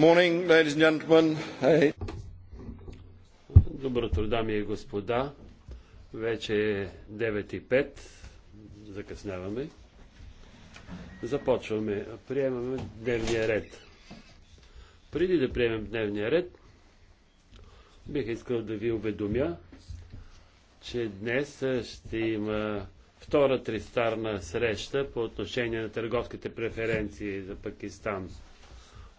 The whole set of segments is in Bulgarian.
Morning, ladies and gentlemen. Hey. дами и господа. Вече е 9.05. Закъсняваме. Започваме. Приемаме дневния ред. Преди да приемем дневния ред, бих искал да ви уведомя, че днес ще има втора тристарна среща по отношение на търговските преференции за Пакистан.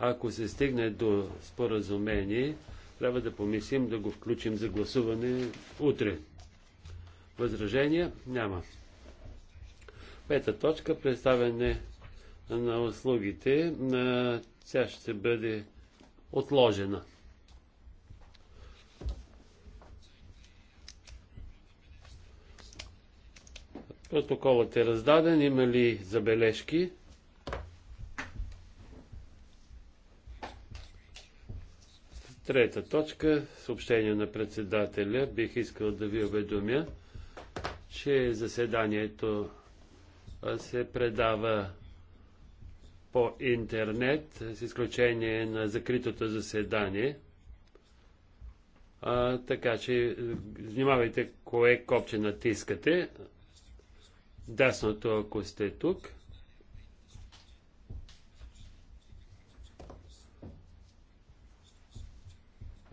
Ако се стигне до споразумение, трябва да помислим да го включим за гласуване утре. Възражения няма. Пета точка представяне на услугите. на Тя ще бъде отложена. Протоколът е раздаден. Има ли забележки? Трета точка, съобщение на председателя. Бих искал да ви уведомя, че заседанието се предава по интернет, с изключение на закритото заседание. А, така че внимавайте кое копче натискате. Дясното, ако сте тук.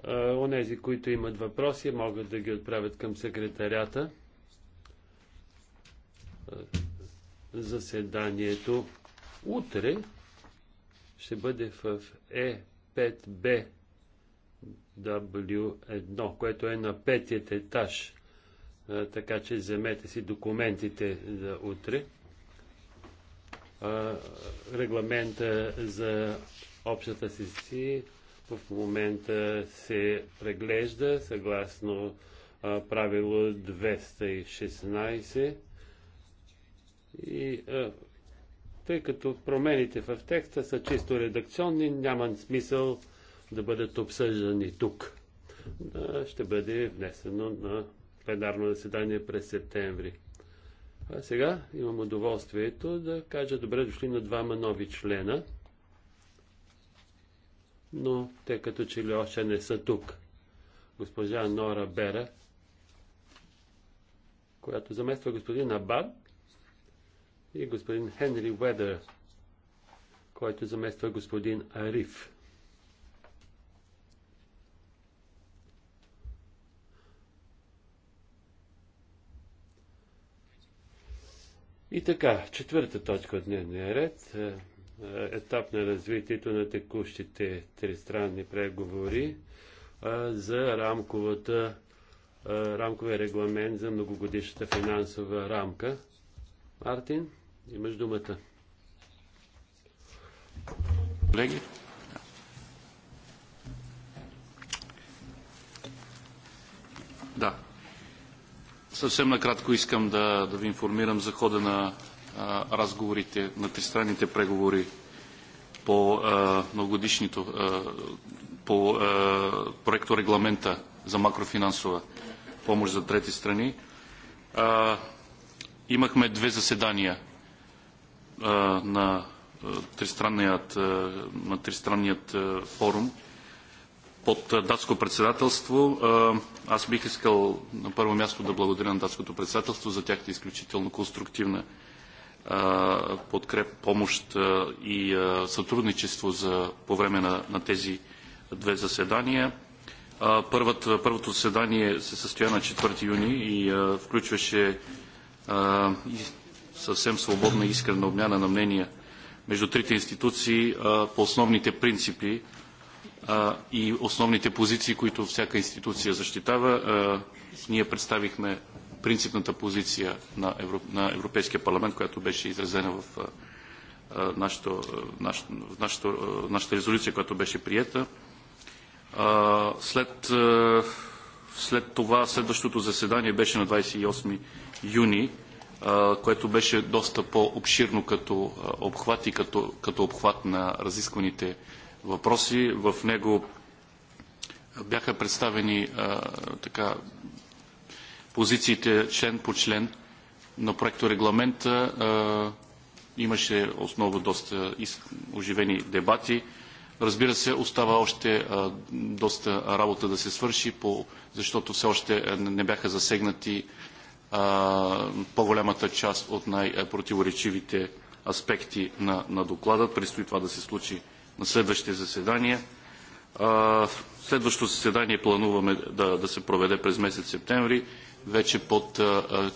Онези, които имат въпроси, могат да ги отправят към секретарята. Заседанието утре ще бъде в e е 5 б W1, което е на петият етаж. Така че вземете си документите за утре. Регламента за общата сесия в момента се преглежда съгласно а, правило 216 и а, тъй като промените в текста са чисто редакционни, няма смисъл да бъдат обсъждани тук. А, ще бъде внесено на пленарно заседание през септември. А сега имам удоволствието да кажа добре дошли на двама нови члена – но те като че ли още не са тук. Госпожа Нора Бера, която замества господин Абад и господин Хенри Уедър, който замества господин Ариф. И така, четвърта точка от дневния ред е, етап на развитието на текущите тристранни преговори за рамковата, рамковия регламент за многогодишната финансова рамка. Мартин, имаш думата. Колеги, Да. Съвсем накратко искам да, да ви информирам за хода на разговорите на тристранните преговори по многогодишнито, по проекто регламента за макрофинансова помощ за трети страни. Имахме две заседания на тристранният, на тристранният форум под датско председателство. Аз бих искал на първо място да благодаря на датското председателство за тяхната изключително конструктивна подкреп, помощ и сътрудничество за, по време на, на тези две заседания. първото заседание се състоя на 4 юни и включваше съвсем свободна и искрена обмяна на мнения между трите институции по основните принципи и основните позиции, които всяка институция защитава. Ние представихме принципната позиция на, Европ... на Европейския парламент, която беше изразена в нашата, нашата, нашата резолюция, която беше приета. След, след това следващото заседание беше на 28 юни, което беше доста по-обширно като обхват и като, като обхват на разискваните въпроси. В него бяха представени така позициите член по член на проекто а, имаше основа доста оживени дебати. Разбира се, остава още доста работа да се свърши, защото все още не бяха засегнати по-голямата част от най-противоречивите аспекти на, на доклада. Предстои това да се случи на следващите заседания. Следващото заседание плануваме да, да се проведе през месец септември вече под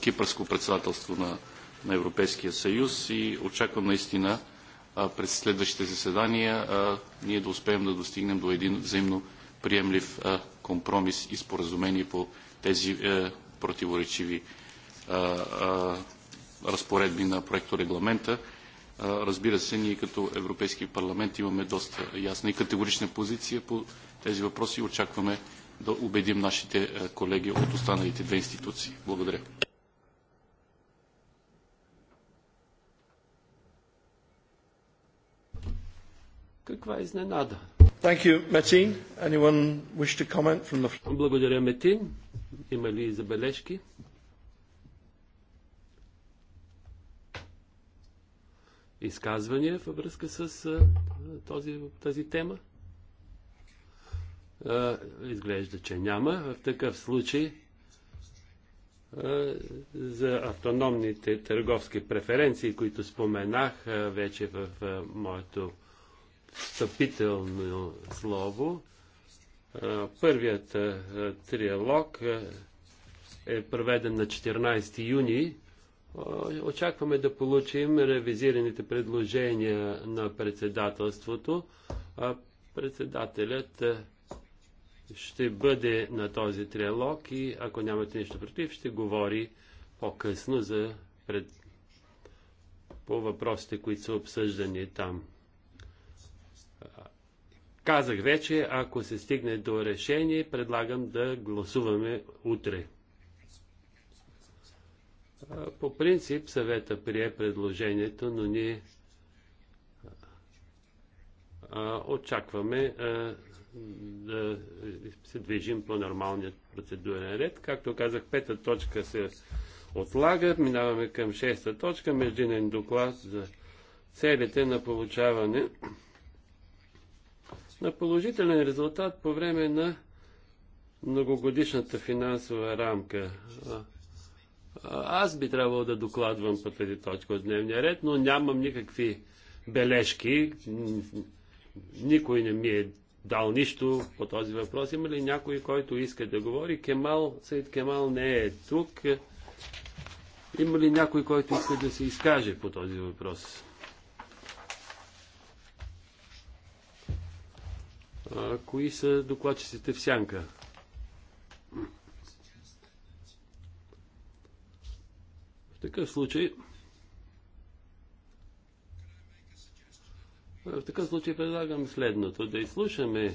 кипърско председателство на, на Европейския съюз и очаквам наистина през следващите заседания ние да успеем да достигнем до един взаимно приемлив компромис и споразумение по тези е, противоречиви разпоредби на проекторегламента. Разбира се, ние като Европейски парламент имаме доста ясна и категорична позиция по тези въпроси и очакваме да убедим нашите е, колеги от останалите две институции. Благодаря. Каква изненада? Thank you, Metin. Anyone wish to comment from the... Благодаря, Метин. Има ли забележки? Изказвания във връзка с е, този, тази тема? изглежда, че няма. В такъв случай за автономните търговски преференции, които споменах вече в моето встъпително слово. Първият триалог е проведен на 14 юни. Очакваме да получим ревизираните предложения на председателството. Председателят ще бъде на този триалог и ако нямате нещо против, ще говори по-късно за пред... по въпросите, които са обсъждани там. Казах вече, ако се стигне до решение, предлагам да гласуваме утре. По принцип съвета прие предложението, но ние очакваме да се движим по нормалния процедурен ред. Както казах, пета точка се отлага. Минаваме към шеста точка. Междинен доклад за целите на получаване на положителен резултат по време на многогодишната финансова рамка. Аз би трябвало да докладвам по тази точка от дневния ред, но нямам никакви бележки. Никой не ми е дал нищо по този въпрос. Има ли някой, който иска да говори? Кемал, Саид Кемал не е тук. Има ли някой, който иска да се изкаже по този въпрос? А, кои са докладчиците в сянка? В такъв случай В такъв случай предлагам следното. Да изслушаме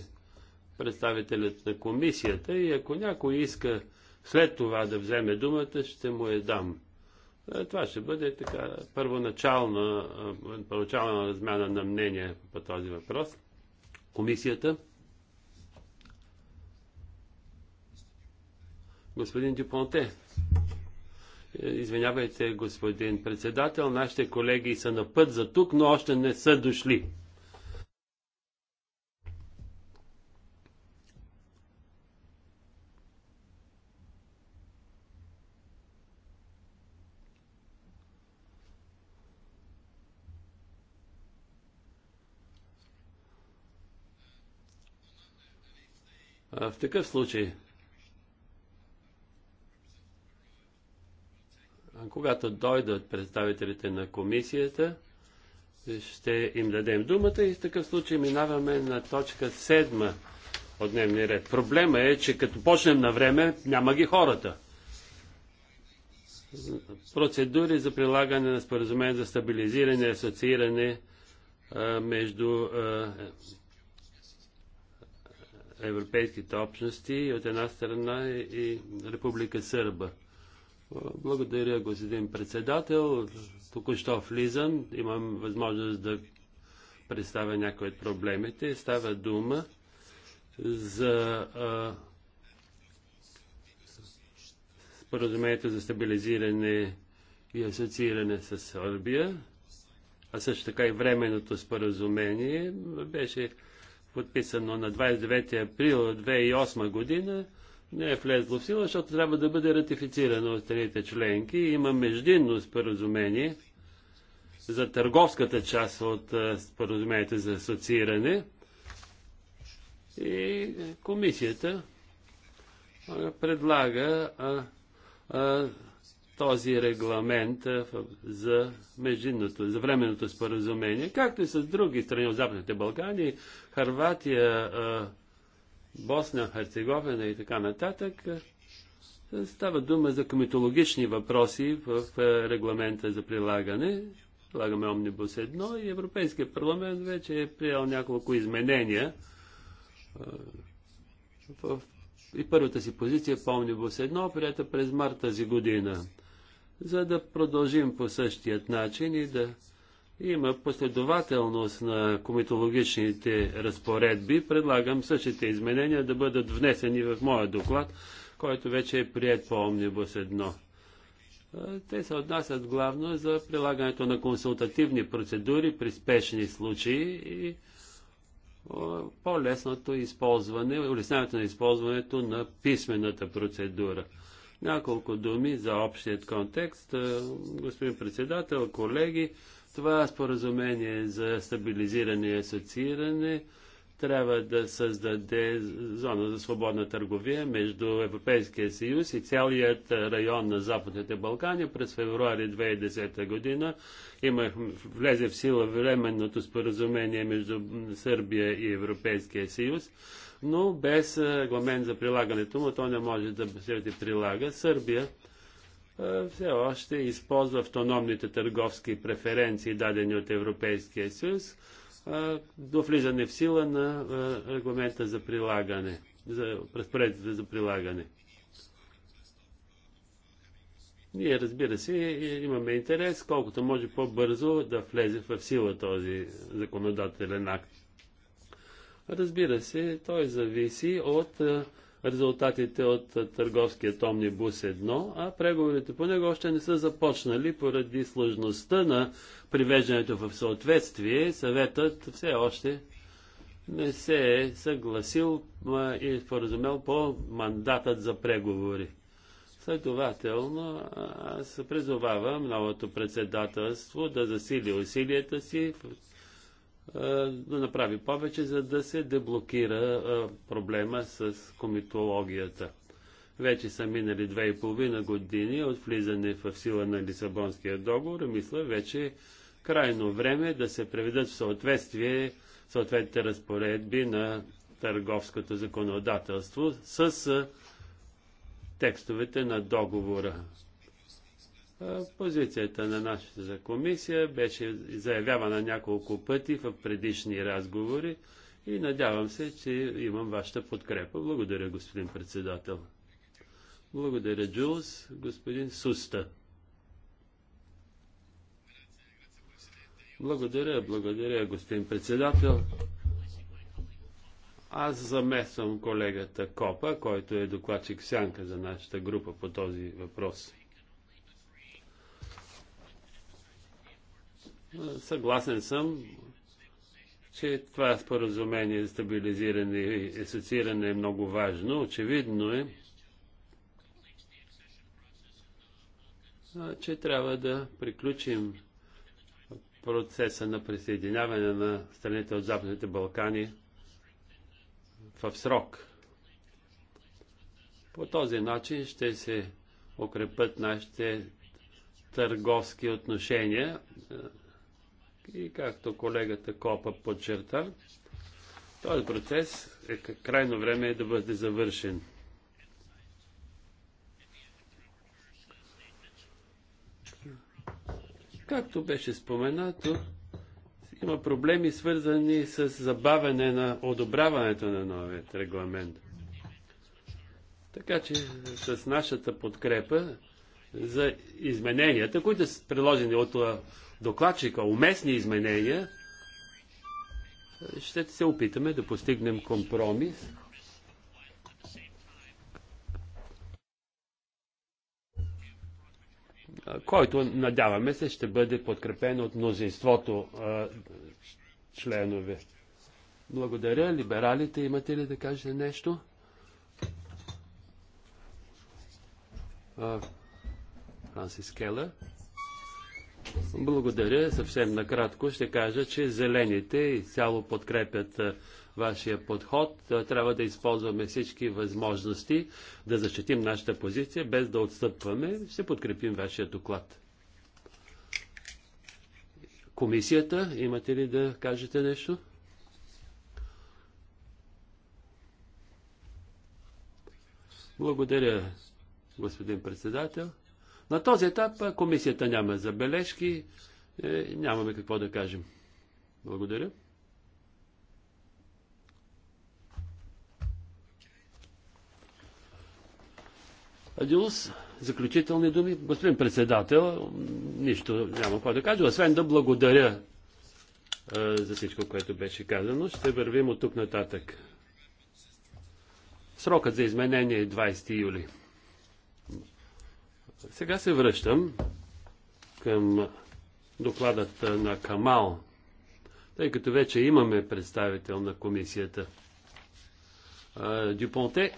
представителят на комисията и ако някой иска след това да вземе думата, ще му я дам. Е, това ще бъде така първоначална, е, първоначална размяна на мнение по този въпрос. Комисията. Господин Дюпонте. Е, извинявайте, господин председател, нашите колеги са на път за тук, но още не са дошли. В такъв случай, когато дойдат представителите на комисията, ще им дадем думата и в такъв случай минаваме на точка седма от дневния ред. Проблема е, че като почнем на време, няма ги хората. Процедури за прилагане на споразумение за стабилизиране и асоцииране между европейските общности, от една страна и Република Сърба. Благодаря, господин председател. Току-що влизам. Имам възможност да представя някои от проблемите. Става дума за споразумението за стабилизиране и асоцииране с Сърбия, а също така и временното споразумение беше подписано на 29 април 2008 година, не е влезло в сила, защото трябва да бъде ратифицирано от страните членки. Има междинно споразумение за търговската част от споразумението за асоцииране. И комисията предлага а, а, този регламент за междинното, за временното споразумение, както и с други страни от Западните Балкани, Харватия, Босна, Херцеговина и така нататък. Става дума за комитологични въпроси в регламента за прилагане. Прилагаме Омнибус 1 и Европейския парламент вече е приел няколко изменения в и първата си позиция по Омнибус 1, прията през март тази година за да продължим по същият начин и да има последователност на комитологичните разпоредби. Предлагам същите изменения да бъдат внесени в моя доклад, който вече е прият по Омнибус 1. Те се отнасят главно за прилагането на консултативни процедури при спешни случаи и по-лесното използване, улесняването на използването на писмената процедура. Няколко думи за общият контекст. Е, господин председател, колеги, това споразумение за стабилизиране и асоцииране трябва да създаде зона за свободна търговия между Европейския съюз и цялият район на Западните Балкани. През февруари 2010 година имах, влезе в сила временното споразумение между Сърбия и Европейския съюз но без регламент за прилагането му то не може да се прилага. Сърбия все още използва автономните търговски преференции, дадени от Европейския съюз, до влизане в сила на регламента за прилагане, за разпоредите за прилагане. Ние, разбира се, имаме интерес колкото може по-бързо да влезе в сила този законодателен акт. Разбира се, той зависи от резултатите от търговският омнибус 1, а преговорите по него още не са започнали поради сложността на привеждането в съответствие. Съветът все още не се е съгласил и споразумел по мандатът за преговори. Следователно, аз призовавам новото председателство да засили усилията си е, да направи повече, за да се деблокира е, проблема с комитологията. Вече са минали две и половина години от влизане в сила на Лисабонския договор и мисля вече е крайно време да се преведат в съответствие съответните разпоредби на търговското законодателство с текстовете на договора. Позицията на нашата комисия беше заявявана няколко пъти в предишни разговори и надявам се, че имам вашата подкрепа. Благодаря, господин председател. Благодаря, Джулс. Господин Суста. Благодаря, благодаря, господин председател. Аз замесвам колегата Копа, който е докладчик сянка за нашата група по този въпрос. Съгласен съм, че това споразумение за стабилизиране и асоцииране е много важно. Очевидно е, че трябва да приключим процеса на присъединяване на страните от Западните Балкани в срок. По този начин ще се укрепят нашите търговски отношения и както колегата Копа подчерта, този процес е крайно време е да бъде завършен. Както беше споменато, има проблеми свързани с забавяне на одобряването на новият регламент. Така че с нашата подкрепа за измененията, които са приложени от докладчика уместни изменения, ще се опитаме да постигнем компромис. който, надяваме се, ще бъде подкрепен от мнозинството а, членове. Благодаря. Либералите, имате ли да кажете нещо? А, Франсис Келър. Благодаря. Съвсем накратко ще кажа, че зелените изцяло подкрепят вашия подход. Трябва да използваме всички възможности да защитим нашата позиция, без да отстъпваме. Ще подкрепим вашия доклад. Комисията, имате ли да кажете нещо? Благодаря, господин председател. На този етап комисията няма забележки, е, нямаме какво да кажем. Благодаря. Адилус, заключителни думи. Господин председател, нищо няма какво да кажа, освен да благодаря е, за всичко, което беше казано. Ще вървим от тук нататък. Срокът за изменение е 20 юли. Сега се връщам към докладът на Камал, тъй като вече имаме представител на комисията. Дюпонте.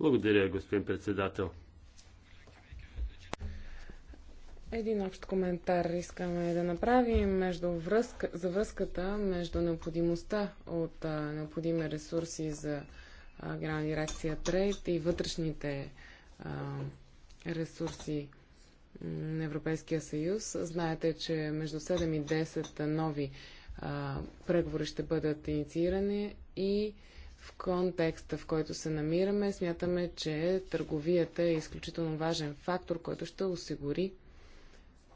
Благодаря, господин председател. Един общ коментар искаме да направим между връзка, за връзката между необходимостта от а, необходими ресурси за Генерална дирекция Трейд и вътрешните а, ресурси на Европейския съюз. Знаете, че между 7 и 10 нови а, преговори ще бъдат инициирани и в контекста, в който се намираме, смятаме, че търговията е изключително важен фактор, който ще осигури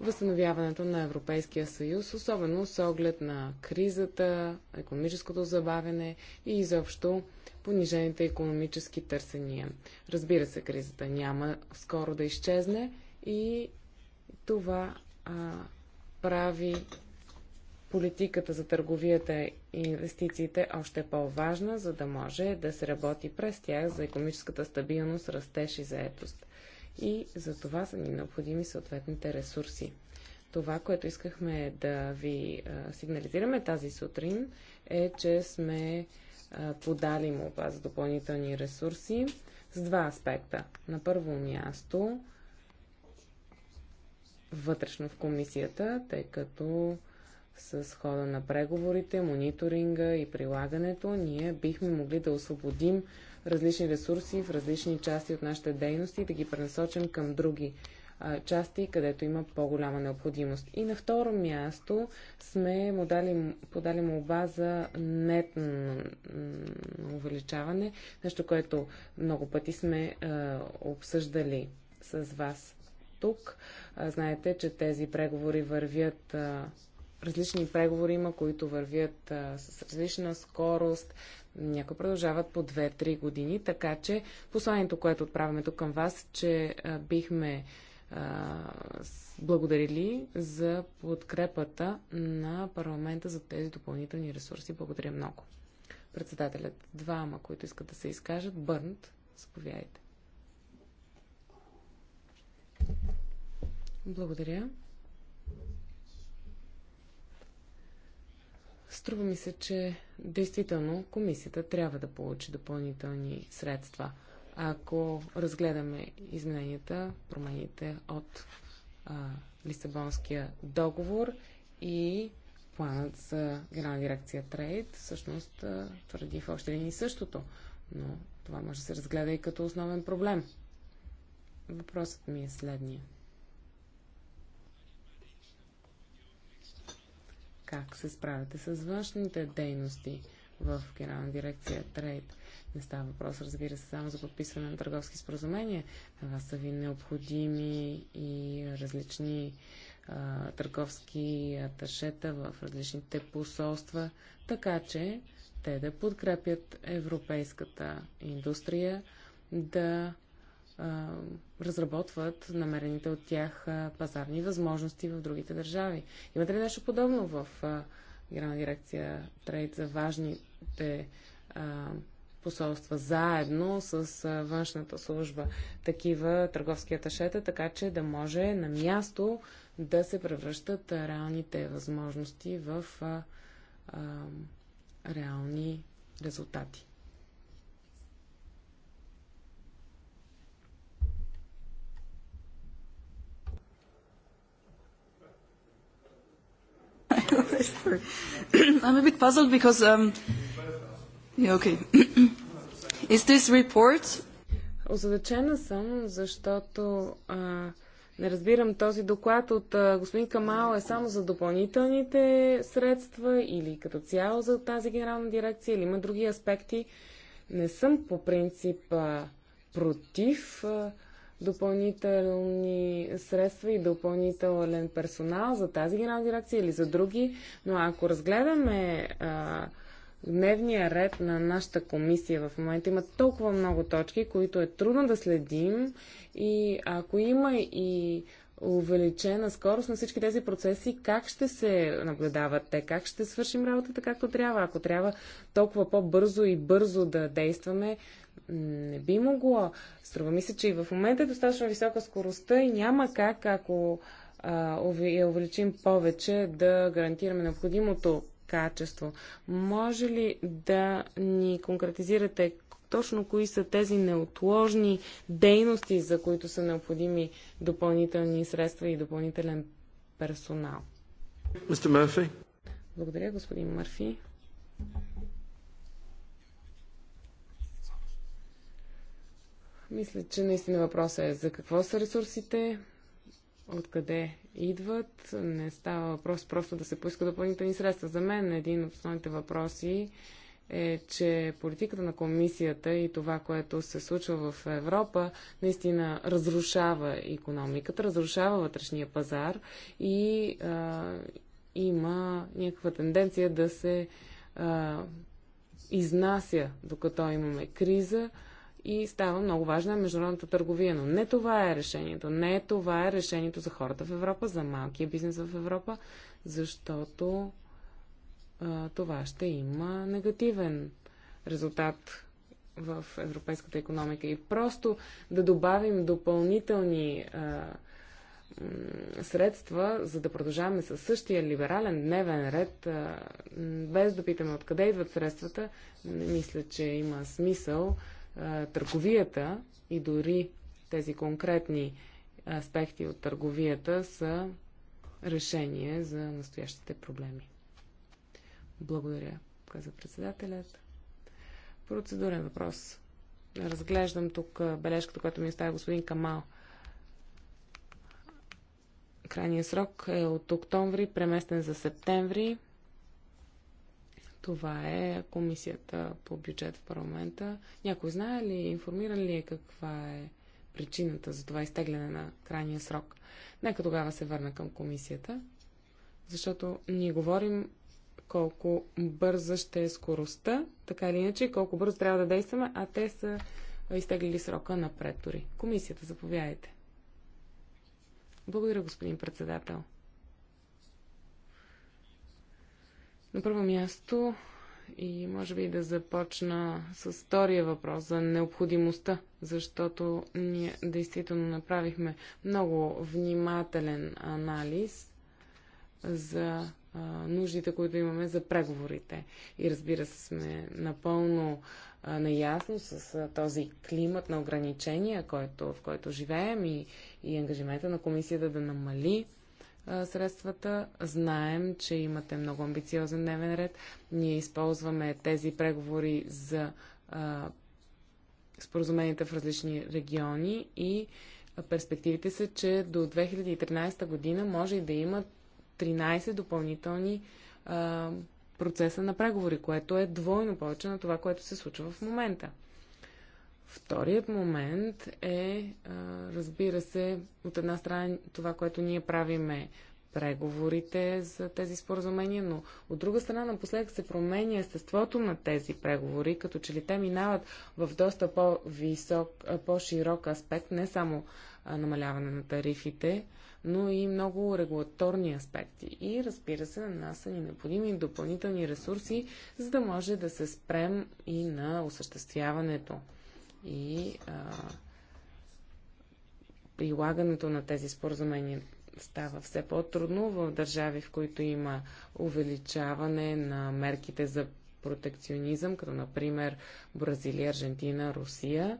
възстановяването на Европейския съюз, особено с оглед на кризата, економическото забавене и изобщо понижените економически търсения. Разбира се, кризата няма скоро да изчезне и това а, прави политиката за търговията и инвестициите още по-важна, за да може да се работи през тях за економическата стабилност, растеж и заетост и за това са ни необходими съответните ресурси. Това, което искахме да ви сигнализираме тази сутрин е, че сме подали молба за допълнителни ресурси с два аспекта. На първо място вътрешно в комисията, тъй като с хода на преговорите, мониторинга и прилагането, ние бихме могли да освободим различни ресурси в различни части от нашите дейности и да ги пренасочим към други а, части, където има по-голяма необходимост. И на второ място сме му дали, подали оба за нетно увеличаване, нещо, което много пъти сме а, обсъждали с вас тук. А, знаете, че тези преговори вървят различни преговори има, които вървят а, с различна скорост, някои продължават по 2-3 години, така че посланието, което отправяме тук към вас, че бихме благодарили за подкрепата на парламента за тези допълнителни ресурси. Благодаря много. Председателят, двама, които искат да се изкажат, Бърнт, заповядайте. Благодаря. Струва ми се, че действително комисията трябва да получи допълнителни средства. Ако разгледаме измененията, промените от а, Лисабонския договор и планът за Генерална дирекция Трейд, всъщност твърди в общи линии същото. Но това може да се разгледа и като основен проблем. Въпросът ми е следния. как се справяте с външните дейности в Генерална дирекция Трейд. Не става въпрос, разбира се, само за подписване на търговски споразумения. На вас са ви необходими и различни а, търговски аташета в различните посолства, така че те да подкрепят европейската индустрия, да разработват намерените от тях пазарни възможности в другите държави. Имате ли нещо подобно в а, Генерална дирекция Трейд за важните посолства заедно с външната служба такива търговски аташета, така че да може на място да се превръщат реалните възможности в реални резултати. I'm a bit puzzled because... Um, yeah, okay. Is this report... Озадачена съм, защото а, не разбирам този доклад от а, господин Камал е само за допълнителните средства или като цяло за тази генерална дирекция или има други аспекти. Не съм по принцип а, против а, допълнителни средства и допълнителен персонал за тази генерална дирекция или за други, но ако разгледаме а, дневния ред на нашата комисия в момента има толкова много точки, които е трудно да следим и ако има и увеличена скорост на всички тези процеси, как ще се наблюдават те, как ще свършим работата както трябва. Ако трябва толкова по-бързо и бързо да действаме, не би могло. Струва ми се, че и в момента е достатъчно висока скоростта и няма как, ако я увеличим повече, да гарантираме необходимото качество. Може ли да ни конкретизирате точно кои са тези неотложни дейности, за които са необходими допълнителни средства и допълнителен персонал? Благодаря, господин Мърфи. Мисля, че наистина въпросът е за какво са ресурсите, откъде идват. Не става въпрос просто да се поиска допълнителни средства. За мен един от основните въпроси е, че политиката на комисията и това, което се случва в Европа, наистина разрушава економиката, разрушава вътрешния пазар и а, има някаква тенденция да се а, изнася, докато имаме криза и става много важна международната търговия. Но не това е решението. Не е това е решението за хората в Европа, за малкия бизнес в Европа, защото а, това ще има негативен резултат в европейската економика. И просто да добавим допълнителни а, средства, за да продължаваме със същия либерален дневен ред, а, без да питаме откъде идват средствата, не мисля, че има смисъл търговията и дори тези конкретни аспекти от търговията са решение за настоящите проблеми. Благодаря, каза председателят. Процедурен въпрос. Разглеждам тук бележката, която ми оставя господин Камал. Крайният срок е от октомври, преместен за септември. Това е комисията по бюджет в парламента. Някой знае ли, информиран ли е каква е причината за това изтегляне на крайния срок? Нека тогава се върна към комисията, защото ние говорим колко бърза ще е скоростта, така или иначе, колко бързо трябва да действаме, а те са изтеглили срока напред дори. Комисията, заповядайте. Благодаря, господин председател. На първо място и може би да започна с втория въпрос за необходимостта, защото ние действително направихме много внимателен анализ за а, нуждите, които имаме за преговорите. И разбира се, сме напълно а, наясно с а, този климат на ограничения, който, в който живеем и, и ангажимента на комисията да намали средствата. Знаем, че имате много амбициозен дневен ред. Ние използваме тези преговори за споразуменията в различни региони и перспективите са, че до 2013 година може и да има 13 допълнителни процеса на преговори, което е двойно повече на това, което се случва в момента. Вторият момент е, разбира се, от една страна това, което ние правиме преговорите за тези споразумения, но от друга страна напоследък се променя естеството на тези преговори, като че ли те минават в доста по-висок, по-широк аспект, не само намаляване на тарифите, но и много регулаторни аспекти. И разбира се, на нас са ни необходими допълнителни ресурси, за да може да се спрем и на осъществяването и а, прилагането на тези споразумения става все по-трудно в държави, в които има увеличаване на мерките за протекционизъм, като например Бразилия, Аржентина, Русия.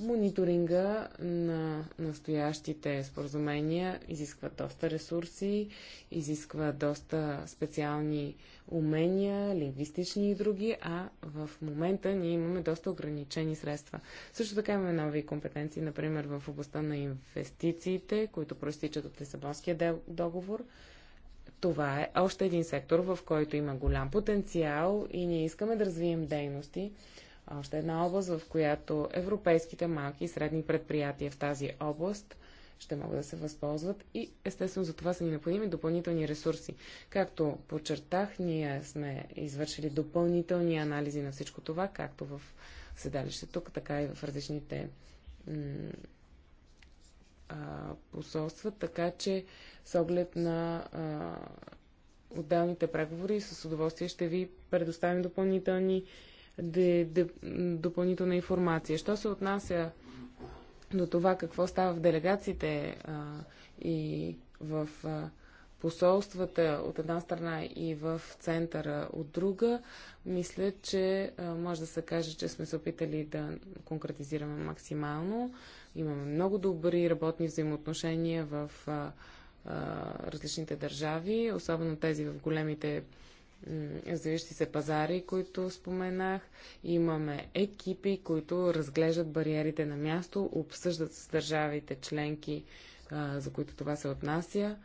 Мониторинга на настоящите споразумения изисква доста ресурси, изисква доста специални умения, лингвистични и други, а в момента ние имаме доста ограничени средства. Също така имаме нови компетенции, например в областта на инвестициите, които проистичат от Лисабонския договор. Това е още един сектор, в който има голям потенциал и ние искаме да развием дейности, още една област, в която европейските малки и средни предприятия в тази област ще могат да се възползват и естествено за това са ни необходими допълнителни ресурси. Както подчертах, ние сме извършили допълнителни анализи на всичко това, както в седалището, така и в различните посолства, така че с оглед на а, отделните преговори с удоволствие ще ви предоставим допълнителни допълнителна информация. Що се отнася до това какво става в делегациите а, и в а, посолствата от една страна и в центъра от друга, мисля, че а, може да се каже, че сме се опитали да конкретизираме максимално. Имаме много добри работни взаимоотношения в а, а, различните държави, особено тези в големите развиващи се пазари, които споменах. Имаме екипи, които разглеждат бариерите на място, обсъждат с държавите членки, за които това се отнася,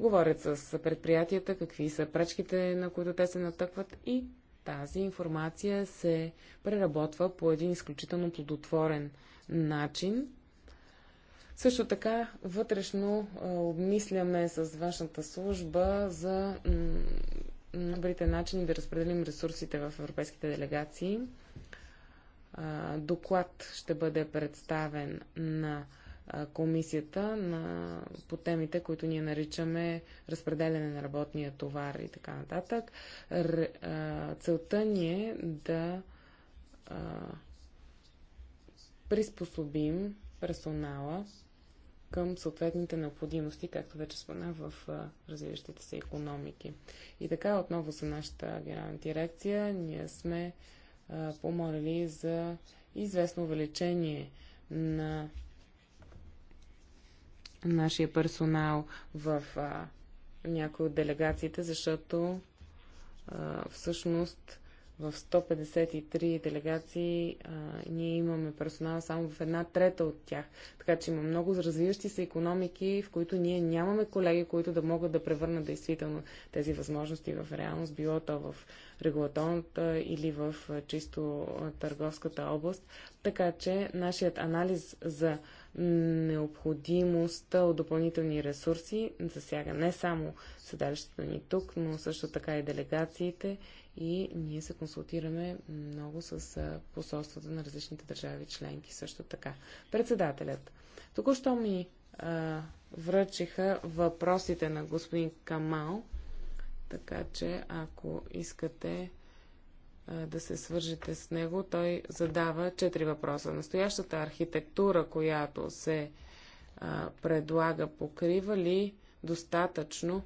говорят с предприятията, какви са пречките, на които те се натъкват и тази информация се преработва по един изключително плодотворен начин. Също така вътрешно обмисляме с външната служба за най-добрите начини да разпределим ресурсите в европейските делегации. Доклад ще бъде представен на комисията на, по темите, които ние наричаме разпределяне на работния товар и така нататък. Р, целта ни е да а, приспособим персонала към съответните необходимости, както вече споменах в развиващите се економики. И така, отново за нашата генерална дирекция, ние сме помолили за известно увеличение на нашия персонал в а, някои от делегациите, защото а, всъщност в 153 делегации а, ние имаме персонал само в една трета от тях. Така че има много развиващи се економики, в които ние нямаме колеги, които да могат да превърнат действително тези възможности в реалност, било то в регулаторната или в чисто търговската област. Така че нашият анализ за необходимостта от допълнителни ресурси засяга не само седалището ни тук, но също така и делегациите и ние се консултираме много с посолствата на различните държави членки също така. Председателят. Току-що ми а, връчиха въпросите на господин Камал, така че ако искате а, да се свържете с него, той задава четири въпроса. Настоящата архитектура, която се а, предлага, покрива ли достатъчно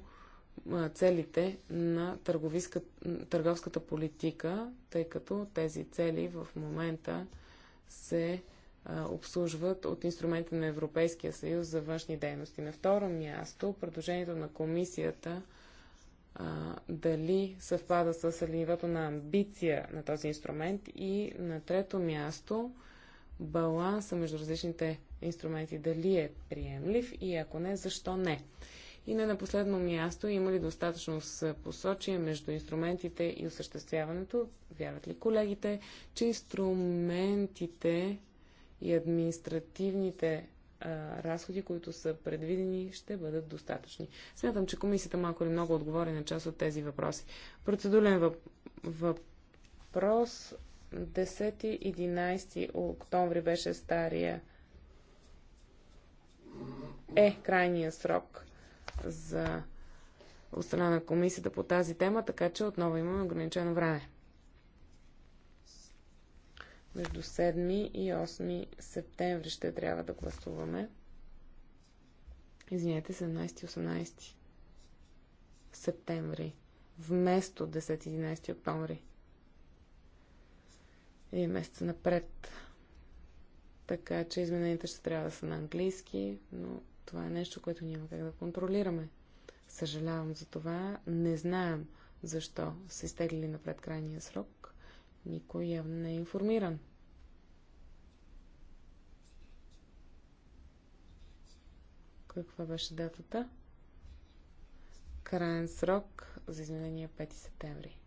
целите на търговската политика, тъй като тези цели в момента се обслужват от инструмента на Европейския съюз за външни дейности. На второ място, предложението на комисията а, дали съвпада с нивото на амбиция на този инструмент и на трето място баланса между различните инструменти дали е приемлив и ако не, защо не. И не на последно място, има ли достатъчно посочие между инструментите и осъществяването? Вярват ли колегите, че инструментите и административните разходи, които са предвидени, ще бъдат достатъчни? Смятам, че комисията малко или много отговори на част от тези въпроси. Процедурен въп... въпрос 10-11 октомври беше стария е крайния срок за от страна на комисията по тази тема, така че отново имаме ограничено време. Между 7 и 8 септември ще трябва да гласуваме. Извинете, 17 и 18 септември, вместо 10-11 октомври. И е месеца напред. Така че измененията ще трябва да са на английски, но това е нещо, което няма как да контролираме. Съжалявам за това. Не знаем защо се изтегли напред крайния срок. Никой явно не е информиран. Каква беше датата? Крайен срок за изменение 5 септември.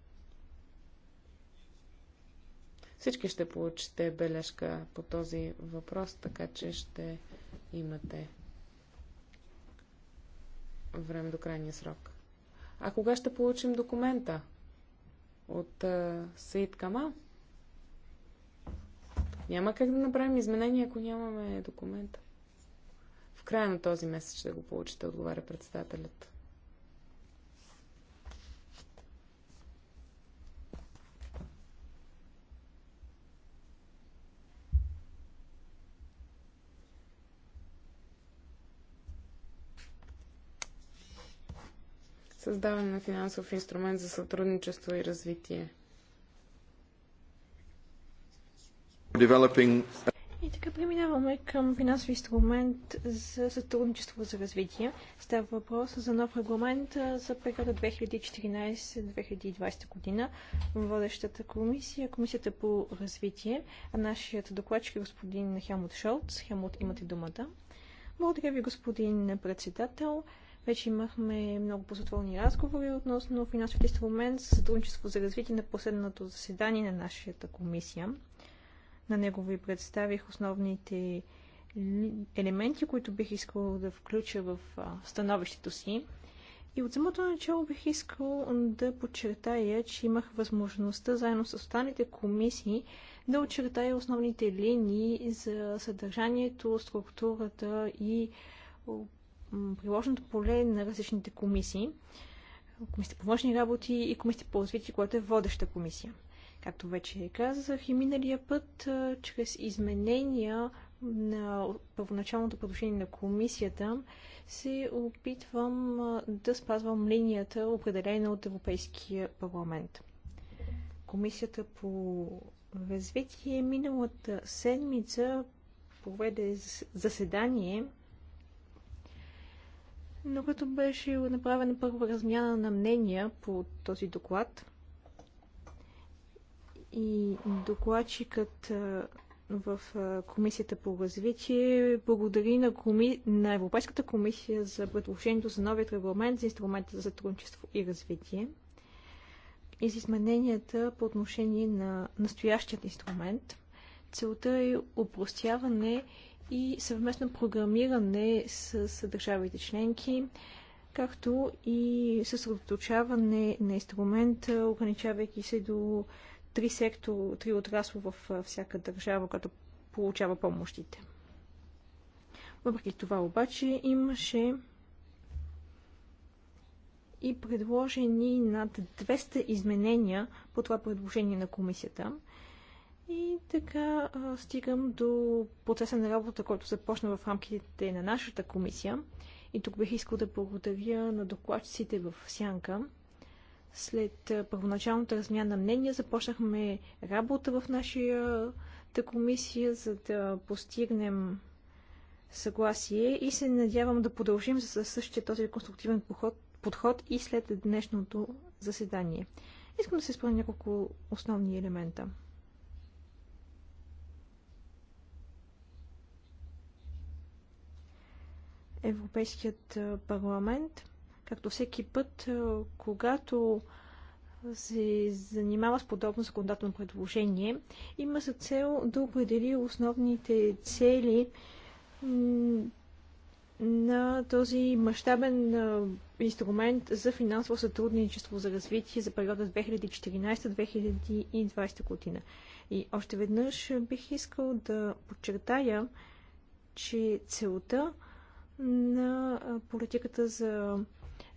Всички ще получите бележка по този въпрос, така че ще имате време до крайния срок. А кога ще получим документа? От а, Саид Кама? Няма как да направим изменения, ако нямаме документа. В края на този месец ще го получите, отговаря председателят. Създаване на финансов инструмент за сътрудничество и развитие. И така преминаваме към финансов инструмент за сътрудничество за развитие. Става въпрос за нов регламент за периода 2014-2020 година. в Водещата комисия, комисията по развитие, а нашият докладчик е господин Хелмут Шолц. Хелмут, имате думата. Благодаря ви, господин председател. Вече имахме много позитивни разговори относно финансовите инструмент за сътрудничество за развитие на последното заседание на нашата комисия. На него ви представих основните елементи, които бих искал да включа в становището си. И от самото начало бих искал да подчертая, че имах възможността заедно с останалите комисии да очертая основните линии за съдържанието, структурата и приложното поле на различните комисии. Комисията по външни работи и Комисията по развитие, която е водеща комисия. Както вече казах и миналия път, чрез изменения на първоначалното предложение на комисията, се опитвам да спазвам линията, определена от Европейския парламент. Комисията по развитие миналата седмица проведе заседание но като беше направена първа размяна на мнения по този доклад и докладчикът в Комисията по развитие благодари на, коми... на Европейската комисия за предложението за новият регламент за инструмента за сътрудничество и развитие и за измененията по отношение на настоящият инструмент. Целта е упростяване и съвместно програмиране с, държавите членки, както и съсредоточаване на инструмента, ограничавайки се до три сектора, три отрасла в всяка държава, която получава помощите. Въпреки това обаче имаше и предложени над 200 изменения по това предложение на комисията – и така а, стигам до процеса на работа, който започна в рамките на нашата комисия. И тук бих искал да благодаря на докладчиците в Сянка. След първоначалната размяна на мнения започнахме работа в нашата комисия, за да постигнем съгласие и се надявам да продължим за същия този конструктивен подход, подход и след днешното заседание. Искам да се спомня няколко основни елемента. Европейският парламент, както всеки път, когато се занимава с подобно законодателно предложение, има за цел да определи основните цели на този мащабен инструмент за финансово сътрудничество за развитие за периода 2014-2020 година. И още веднъж бих искал да подчертая, че целта на политиката за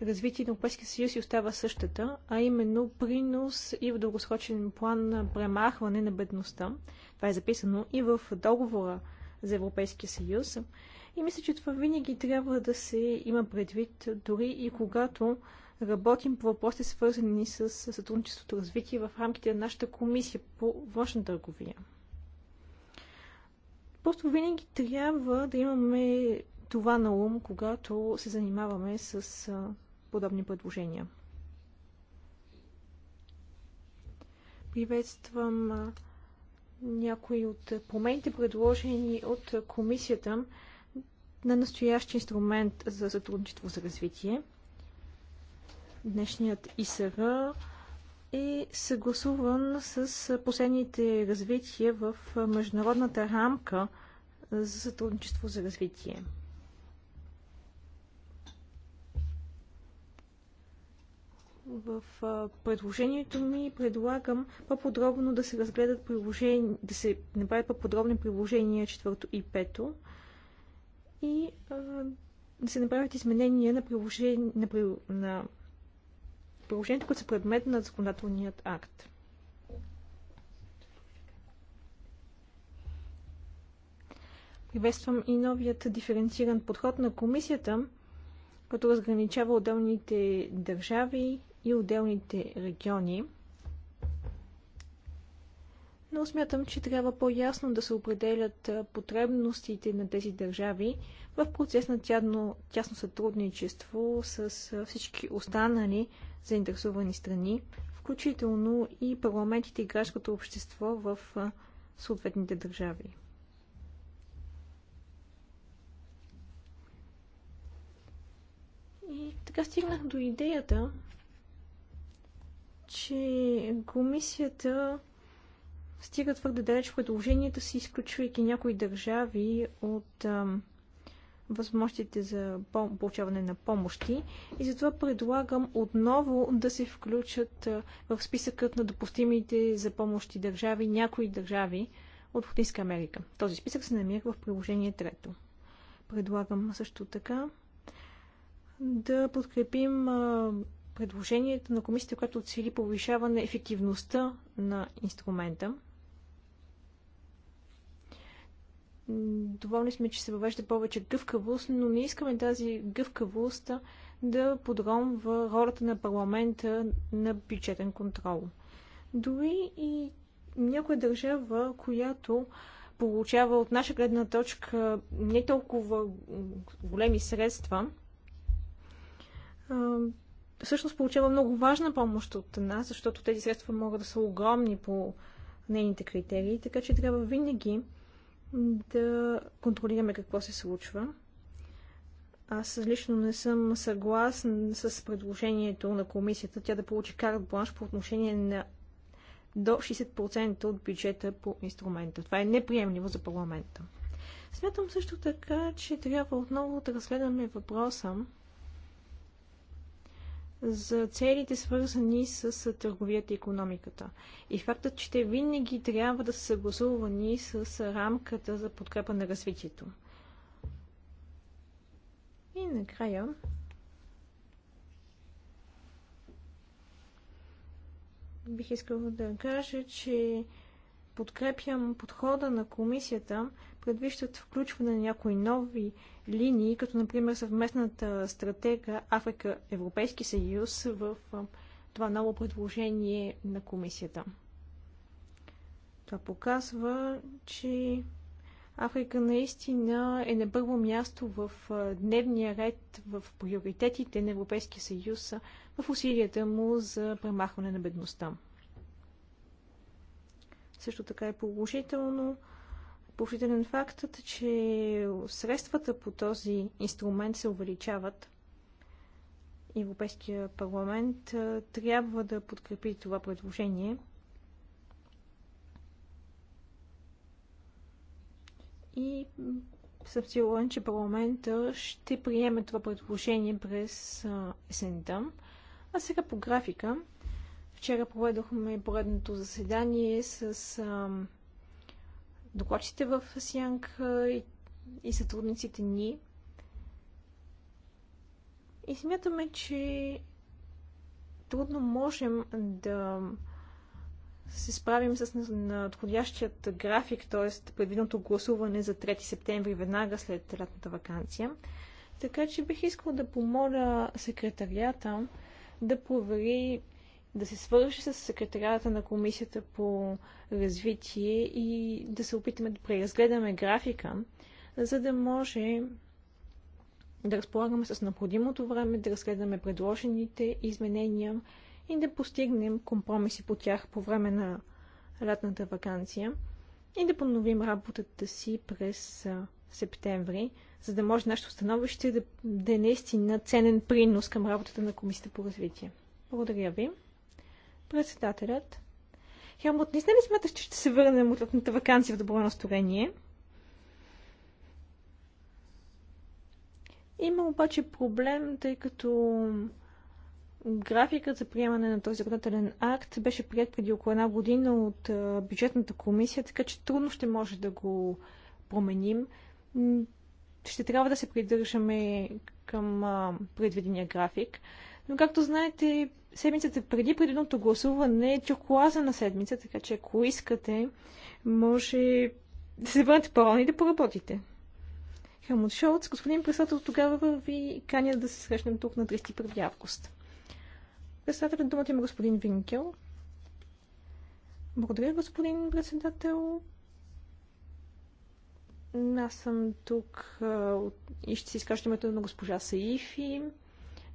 развитие на Европейския съюз и остава същата, а именно принос и в дългосрочен план на премахване на бедността. Това е записано и в договора за Европейския съюз. И мисля, че това винаги трябва да се има предвид, дори и когато работим по въпроси, свързани с сътрудничеството развитие в рамките на нашата комисия по външна търговия. Просто винаги трябва да имаме това на ум, когато се занимаваме с подобни предложения. Приветствам някои от промените, предложени от комисията на настоящ инструмент за сътрудничество за развитие. Днешният ИСР е съгласуван с последните развития в международната рамка за сътрудничество за развитие. В предложението ми предлагам по-подробно да се разгледат приложения, да се направят по-подробни приложения четвърто и пето и а, да се направят изменения на, приложение, на, при, на приложението, които са предмет на законодателният акт. Приветствам и новият диференциран подход на комисията, който разграничава отделните държави и отделните региони. Но смятам, че трябва по-ясно да се определят потребностите на тези държави в процес на тясно, тясно сътрудничество с всички останали заинтересовани страни, включително и парламентите и гражданското общество в съответните държави. И така стигнах до идеята че комисията стига твърде далеч в предложенията си, изключвайки някои държави от възможностите за получаване на помощи и затова предлагам отново да се включат в списъкът на допустимите за помощи държави някои държави от Латинска Америка. Този списък се намира в приложение трето. Предлагам също така да подкрепим предложението на комисията, която цели повишаване ефективността на инструмента. Доволни сме, че се въвежда повече гъвкавост, но не искаме тази гъвкавост да подромва ролята на парламента на бюджетен контрол. Дори и някоя държава, която получава от наша гледна точка не толкова големи средства, всъщност получава много важна помощ от нас, защото тези средства могат да са огромни по нейните критерии, така че трябва винаги да контролираме какво се случва. Аз лично не съм съгласен с предложението на комисията тя да получи карт бланш по отношение на до 60% от бюджета по инструмента. Това е неприемливо за парламента. Смятам също така, че трябва отново да разгледаме въпроса за целите свързани с търговията и економиката. И фактът, че те винаги трябва да са съгласувани с рамката за подкрепа на развитието. И накрая бих искала да кажа, че подкрепям подхода на комисията предвиждат включване на някои нови линии, като например съвместната стратега Африка-Европейски съюз в това ново предложение на комисията. Това показва, че Африка наистина е на първо място в дневния ред, в приоритетите на Европейския съюз, в усилията му за премахване на бедността. Също така е положително, положителен фактът, че средствата по този инструмент се увеличават. Европейския парламент трябва да подкрепи това предложение. И съм сигурен, че парламента ще приеме това предложение през есента. А сега по графика. Вчера проведохме поредното заседание с докладчите в Сянг и, и сътрудниците ни. И смятаме, че трудно можем да се справим с надходящият график, т.е. предвиденото гласуване за 3 септември, веднага след лятната вакансия. Така че бих искала да помоля секретарията да провери да се свържи с секретарията на Комисията по развитие и да се опитаме да преразгледаме графика, за да може да разполагаме с необходимото време, да разгледаме предложените изменения и да постигнем компромиси по тях по време на лятната вакансия и да подновим работата си през септември, за да може нашето становище да, да е наистина ценен принос към работата на Комисията по развитие. Благодаря ви. Председателят. Хелмут, не ли смяташ, че ще се върнем от летната вакансия в добро настроение? Има обаче проблем, тъй като графикът за приемане на този законодателен акт беше прият преди около една година от бюджетната комисия, така че трудно ще може да го променим. Ще трябва да се придържаме към предвидения график. Но както знаете, седмицата преди предното гласуване е на седмица, така че ако искате, може да се върнете по и да поработите. Хелмут Шолц, господин председател, тогава ви каня да се срещнем тук на 31 август. на думата има господин Винкел. Благодаря, господин председател. Аз съм тук и ще си изкажа името на госпожа Саифи.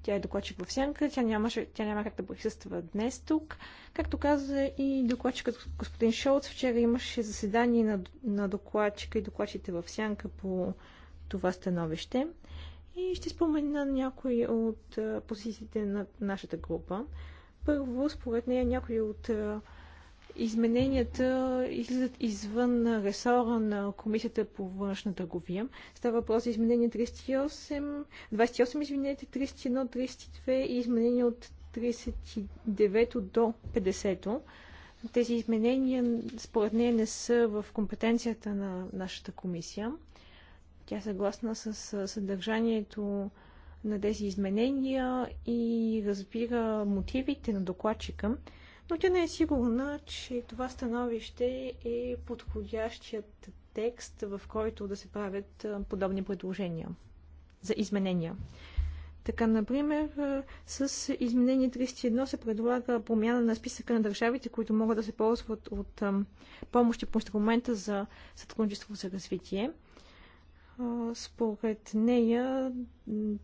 Тя е докладчик в сянка, тя, нямаше, тя няма как да присъства днес тук. Както каза и докладчикът господин Шолц, вчера имаше заседание на, на докладчика и докладчите в сянка по това становище. И ще спомена някои от позициите на нашата група. Първо, според нея, някои от измененията излизат извън ресора на Комисията по външна търговия. Става въпрос за изменение 38, 28, извинете, 31, 32 и изменение от 39 до 50. то Тези изменения, според нея, не са в компетенцията на нашата комисия. Тя е съгласна с съдържанието на тези изменения и разбира мотивите на докладчика но тя не е сигурна, че това становище е подходящият текст, в който да се правят подобни предложения за изменения. Така, например, с изменение 31 се предлага промяна на списъка на държавите, които могат да се ползват от помощи по инструмента за сътрудничество за развитие. Според нея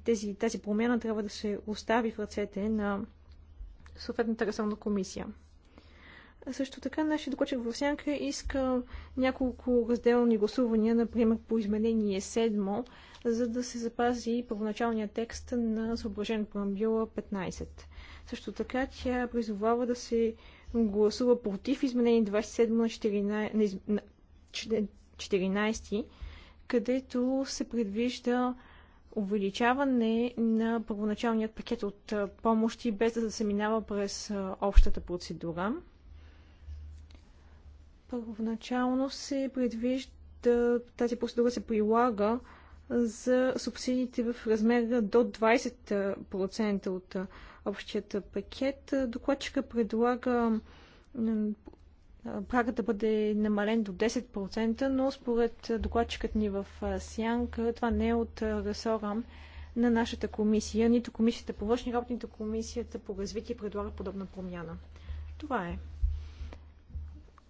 тези, тази промяна трябва да се остави в ръцете на съответната ресурна комисия. Също така нашия докладчик в сянка иска няколко разделни гласувания, например по изменение 7, за да се запази първоначалния текст на съображен промбила 15. Също така тя призовава да се гласува против изменение 27 на, 14, на 14, където се предвижда увеличаване на първоначалният пакет от помощи, без да се минава през общата процедура. Първоначално се предвижда тази процедура се прилага за субсидиите в размера до 20% от общият пакет. Докладчика предлага прагът да бъде намален до 10%, но според докладчикът ни в Сянг, това не е от ресора на нашата комисия, нито комисията по външни работи, нито комисията по развитие предлага подобна промяна. Това е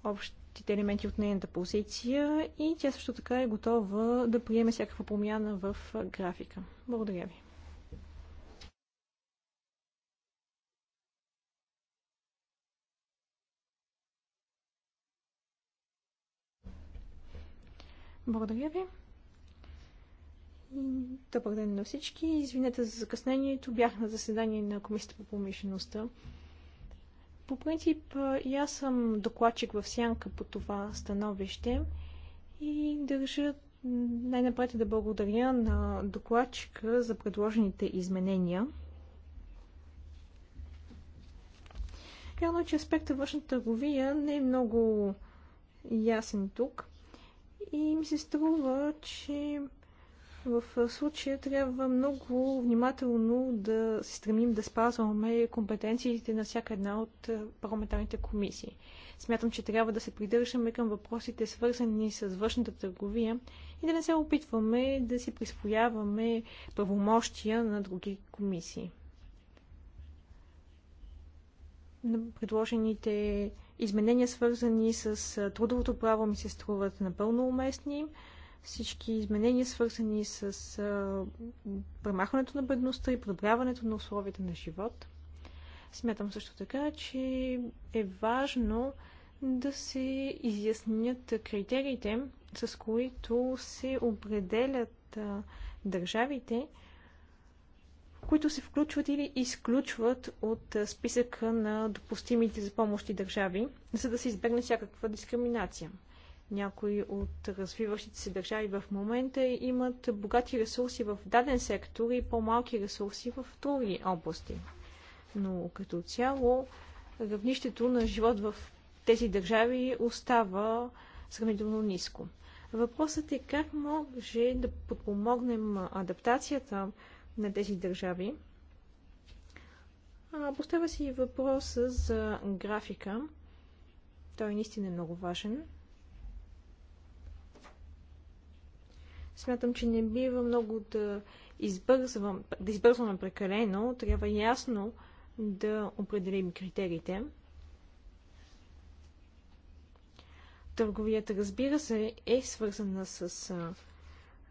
общите елементи от нейната позиция и тя също така е готова да приеме всякаква промяна в графика. Благодаря ви. Благодаря ви. Добър ден на всички. Извинете за закъснението. Бях на заседание на Комисията по промишлеността. По принцип, и аз съм докладчик в сянка по това становище и държа най-напред да благодаря на докладчика за предложените изменения. Явно, е, че аспектът външна търговия не е много ясен тук. И ми се струва, че в случая трябва много внимателно да се стремим да спазваме компетенциите на всяка една от е, парламентарните комисии. Смятам, че трябва да се придържаме към въпросите, свързани с външната търговия и да не се опитваме да си присвояваме правомощия на други комисии. На предложените изменения, свързани с трудовото право, ми се струват напълно уместни. Всички изменения, свързани с премахването на бедността и подобряването на условията на живот. Смятам също така, че е важно да се изяснят критериите, с които се определят държавите, които се включват или изключват от списъка на допустимите за помощи държави, за да се избегне всякаква дискриминация. Някои от развиващите се държави в момента имат богати ресурси в даден сектор и по-малки ресурси в други области. Но като цяло равнището на живот в тези държави остава сравнително ниско. Въпросът е как може да подпомогнем адаптацията на тези държави. Поставя си и въпроса за графика. Той е наистина е много важен. Смятам, че не бива много да, избързвам, да избързваме прекалено. Трябва ясно да определим критериите. Търговията, разбира се, е свързана с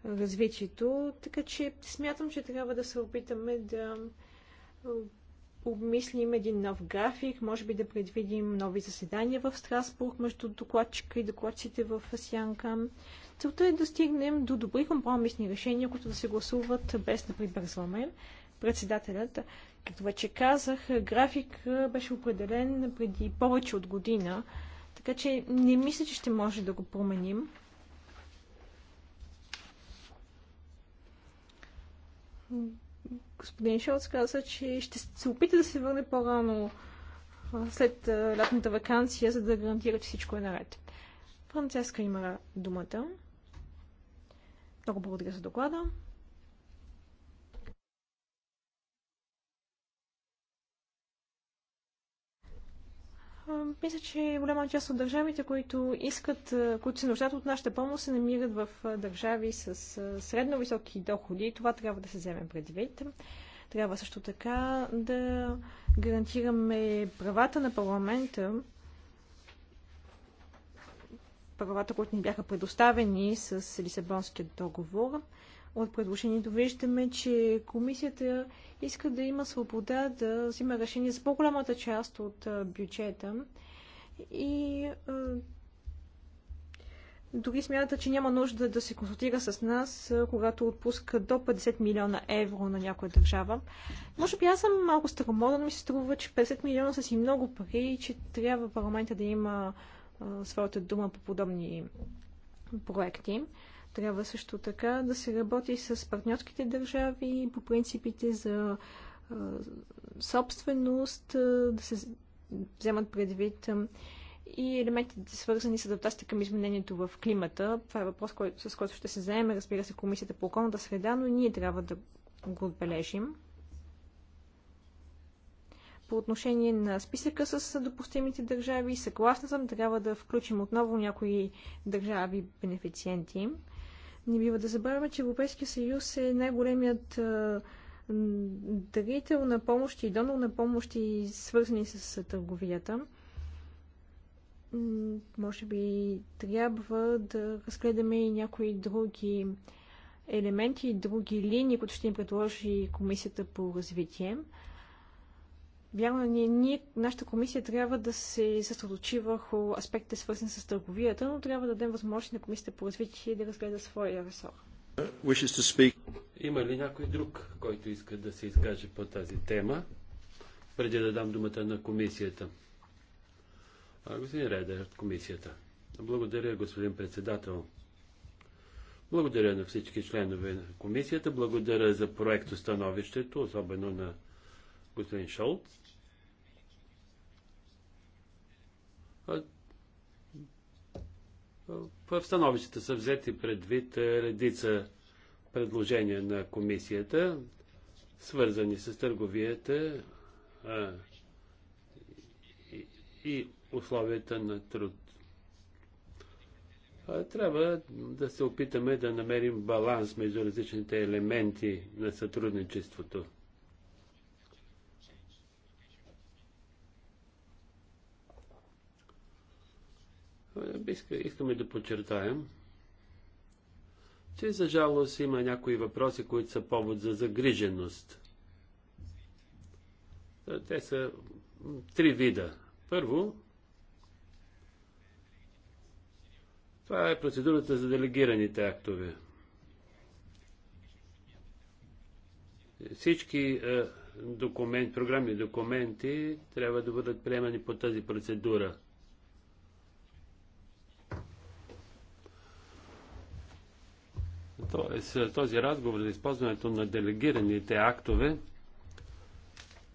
развитието. Така че смятам, че трябва да се опитаме да обмислим един нов график, може би да предвидим нови заседания в Страсбург между докладчика и докладчите в Асянка. Целта е да стигнем до добри компромисни решения, които да се гласуват без да прибързваме. Председателят, както вече казах, график беше определен преди повече от година, така че не мисля, че ще може да го променим. господин Шолц каза, че ще се опита да се върне по-рано след лятната вакансия, за да гарантира, че всичко е наред. Франциска има думата. Много благодаря за доклада. Мисля, че голяма част от държавите, които искат, които се нуждат от нашата помощ, се намират в държави с средно високи доходи и това трябва да се вземе предвид. Трябва също така да гарантираме правата на парламента, правата, които ни бяха предоставени с Лисабонския договор от предложението виждаме, че комисията иска да има свобода да взима решение за по-голямата част от бюджета и дори смята, че няма нужда да се консултира с нас, когато отпуска до 50 милиона евро на някоя държава. Може би аз съм малко старомодна, но ми се струва, че 50 милиона са си много пари и че трябва парламента да има а, своята дума по подобни проекти. Трябва също така да се работи с партньорските държави по принципите за а, собственост, а, да се вземат предвид а, и елементите свързани с адаптацията към изменението в климата. Това е въпрос, с който ще се заеме, разбира се, Комисията по околната среда, но ние трябва да го отбележим. По отношение на списъка с допустимите държави, съгласна съм, трябва да включим отново някои държави бенефициенти. Не бива да забравяме, че Европейския съюз е най-големият дарител на помощи и донор на помощи, свързани с търговията. Може би трябва да разгледаме и някои други елементи и други линии, които ще им предложи Комисията по развитие. Вярно ние, ние, нашата комисия трябва да се съсредоточи върху аспектите свързани с търговията, но трябва да дадем възможност на комисията по развитие да разгледа своя ресор. Има ли някой друг, който иска да се изкаже по тази тема, преди да дам думата на комисията? А, господин Редер от комисията. Благодаря, господин председател. Благодаря на всички членове на комисията. Благодаря за проекто становището, особено на господин Шолц. В становищата са взети предвид редица предложения на комисията, свързани с търговията а, и, и условията на труд. А, трябва да се опитаме да намерим баланс между различните елементи на сътрудничеството. искаме да подчертаем, че за жалост има някои въпроси, които са повод за загриженост. Е, те са три вида. Първо, това е процедурата за делегираните актове. Всички е, документи, програмни документи трябва да бъдат приемани по тази процедура – Тоест, е, този разговор за използването на делегираните актове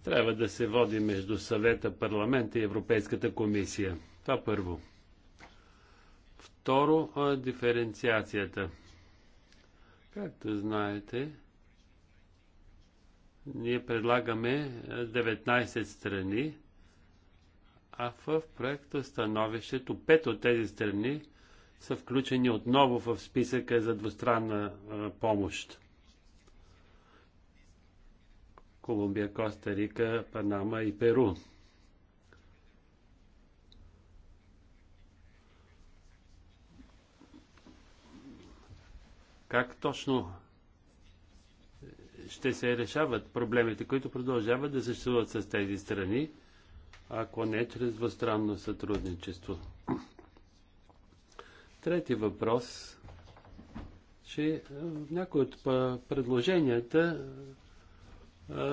трябва да се води между съвета, парламента и Европейската комисия. Това първо. Второ, диференциацията. Както знаете, ние предлагаме 19 страни, а в проекта становището 5 от тези страни са включени отново в списъка за двустранна помощ. Колумбия, Коста Рика, Панама и Перу. Как точно ще се решават проблемите, които продължават да съществуват с тези страни, ако не чрез двустранно сътрудничество? Трети въпрос, че е, някои от предложенията е,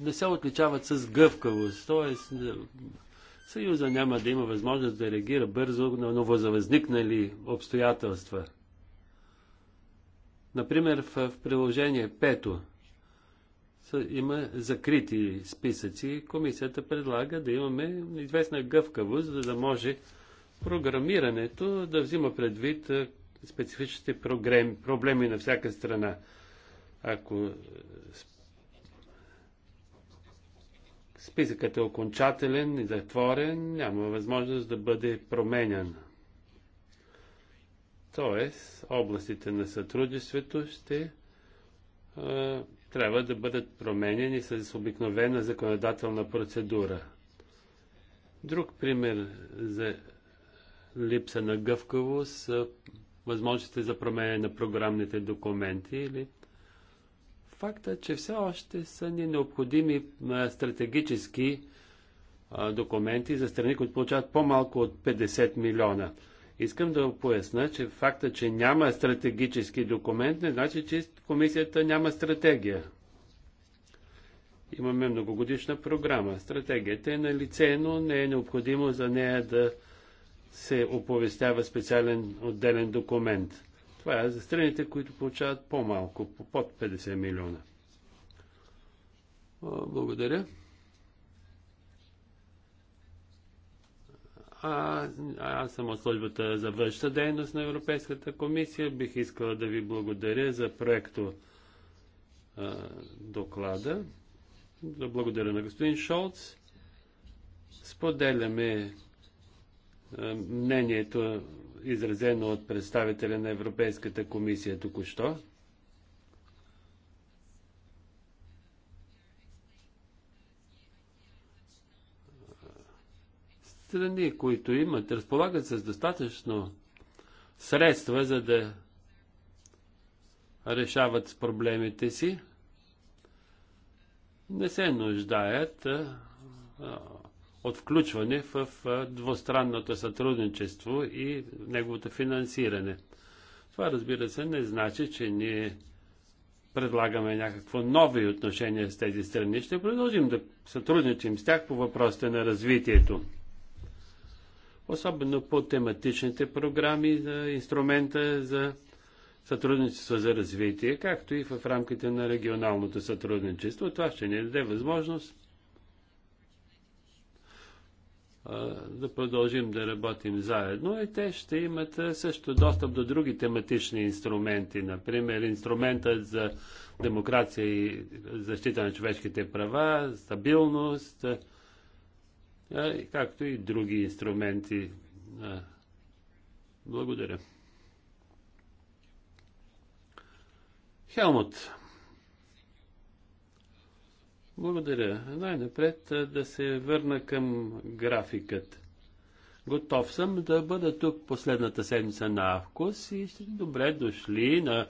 не се отличават с гъвкавост, т.е. Съюза няма да има възможност да реагира бързо на новозавъзникнали обстоятелства. Например, в, приложение 5 има закрити списъци. Комисията предлага да имаме известна гъвкавост, за да може програмирането да взима предвид специфичните програми, проблеми на всяка страна. Ако списъкът е окончателен и затворен, няма възможност да бъде променен. Тоест, областите на сътрудничеството ще а, трябва да бъдат променени с обикновена законодателна процедура. Друг пример за липса на гъвкавост, възможностите за промене на програмните документи или факта, че все още са ни необходими стратегически документи за страни, които получават по-малко от 50 милиона. Искам да поясна, че факта, че няма стратегически документ, не значи, че комисията няма стратегия. Имаме многогодишна програма. Стратегията е на лице, но не е необходимо за нея да се оповестява специален отделен документ. Това е за страните, които получават по-малко, по под 50 милиона. Благодаря. А, аз съм от службата за външна дейност на Европейската комисия. Бих искала да ви благодаря за проекто а, доклада. Да благодаря на господин Шолц. Споделяме е, мнението, е изразено от представителя на Европейската комисия току-що. Страни, които имат, разполагат с достатъчно средства, за да решават проблемите си, не се нуждаят от включване в двустранното сътрудничество и неговото финансиране. Това разбира се не значи, че ние предлагаме някакво нови отношения с тези страни. Ще продължим да сътрудничим с тях по въпросите на развитието. Особено по тематичните програми за инструмента за сътрудничество за развитие, както и в рамките на регионалното сътрудничество. Това ще ни даде възможност да продължим да работим заедно и те ще имат също достъп до други тематични инструменти, например инструментът за демокрация и защита на човешките права, стабилност, както и други инструменти. Благодаря. Хелмут. Благодаря. Най-напред да се върна към графикът. Готов съм да бъда тук последната седмица на Авкус и ще добре дошли на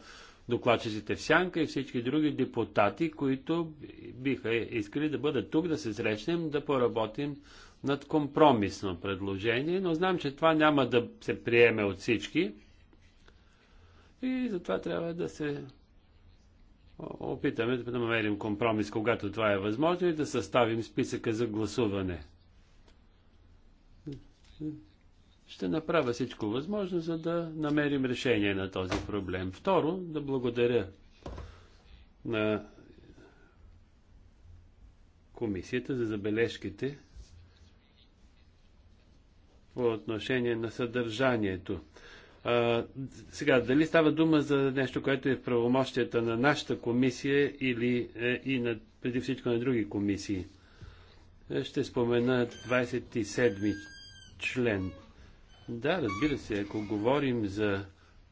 докладчиците в Сянка и всички други депутати, които биха искали да бъдат тук, да се срещнем, да поработим над компромисно предложение, но знам, че това няма да се приеме от всички и затова трябва да се опитаме да намерим компромис, когато това е възможно и да съставим списъка за гласуване. Ще направя всичко възможно, за да намерим решение на този проблем. Второ, да благодаря на комисията за забележките по отношение на съдържанието. А, сега, дали става дума за нещо, което е в правомощията на нашата комисия или е, и на, преди всичко на други комисии? Е, ще спомена 27 член. Да, разбира се, ако говорим за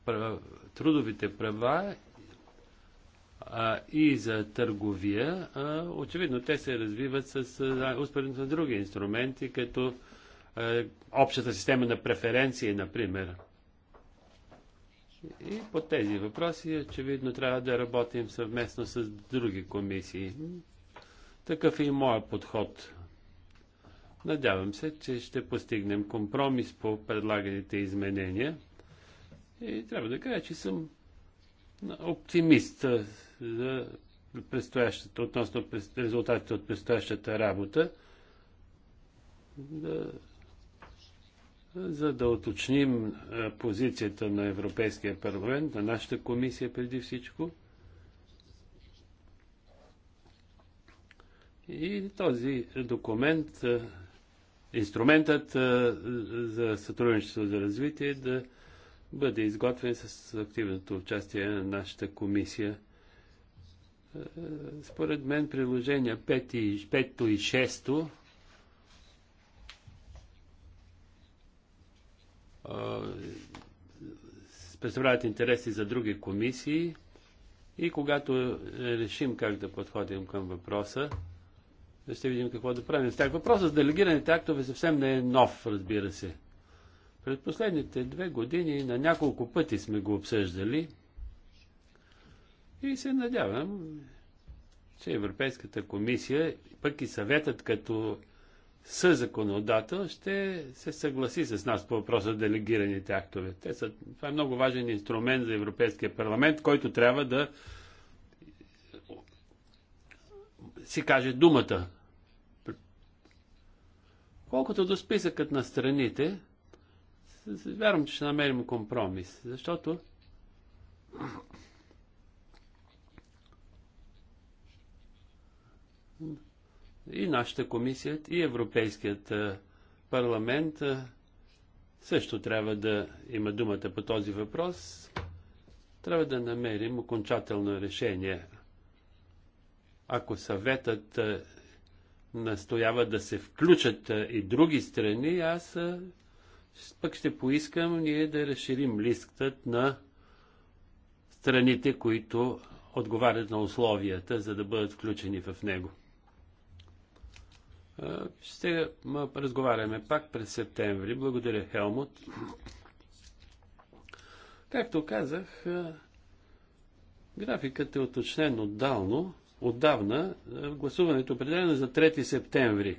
права, трудовите права а, и за търговия, а, очевидно те се развиват с а, успоредно на други инструменти, като а, е, общата система на преференции, например. И по тези въпроси очевидно трябва да работим съвместно с други комисии. Такъв е и моя подход. Надявам се, че ще постигнем компромис по предлаганите изменения. И трябва да кажа, че съм оптимист за предстоящата, относно резултатите от предстоящата работа. Да за да уточним позицията на Европейския парламент, на нашата комисия преди всичко. И този документ, инструментът за сътрудничество за развитие да бъде изготвен с активното участие на нашата комисия. Според мен приложения 5 и 6 представляват интереси за други комисии и когато е, решим как да подходим към въпроса, ще видим какво да правим с тях. Въпросът с делегираните актове съвсем не е нов, разбира се. Пред последните две години на няколко пъти сме го обсъждали и се надявам, че Европейската комисия, пък и съветът като съзаконодател ще се съгласи с нас по въпроса за делегираните актове. Те са, това е много важен инструмент за Европейския парламент, който трябва да си каже думата. Колкото до списъкът на страните, вярвам, че ще намерим компромис, защото и нашата комисия, и Европейският парламент също трябва да има думата по този въпрос. Трябва да намерим окончателно решение. Ако съветът настоява да се включат и други страни, аз пък ще поискам ние да разширим листът на страните, които отговарят на условията, за да бъдат включени в него. Е, ще разговаряме пак през септември. Благодаря, Хелмут. Както казах, е, графикът е уточнен отдално, отдавна. Е, гласуването е определено за 3 септември.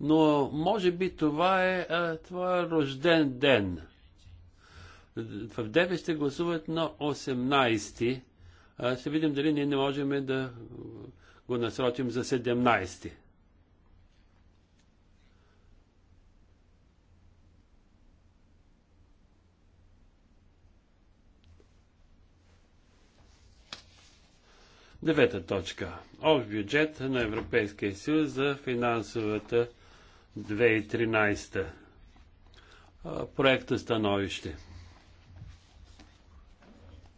Но може би това е твоя рожден ден. В 9 ще гласуват на 18. Ще видим дали ние не можем да го насрочим за 17. Девета точка. Общ бюджет на Европейския съюз за финансовата 2013. Проекта становище.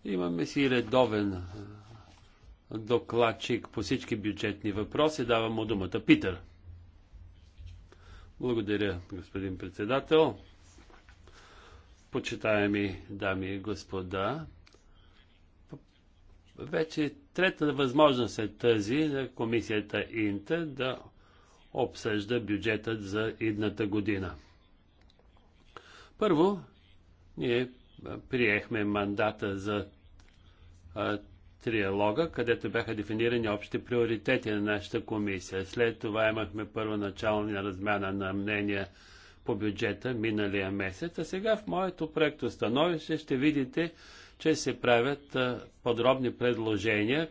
Имаме си редовен докладчик по всички бюджетни въпроси. Давам му думата. Питър. Благодаря, господин председател. Почитаеми дами и господа, вече трета възможност е тази за комисията Инта да обсъжда бюджетът за идната година. Първо, ние приехме мандата за а, триалога, където бяха дефинирани общи приоритети на нашата комисия. След това имахме първоначалния размяна на мнения по бюджета миналия месец, а сега в моето проекто становище ще видите че се правят подробни предложения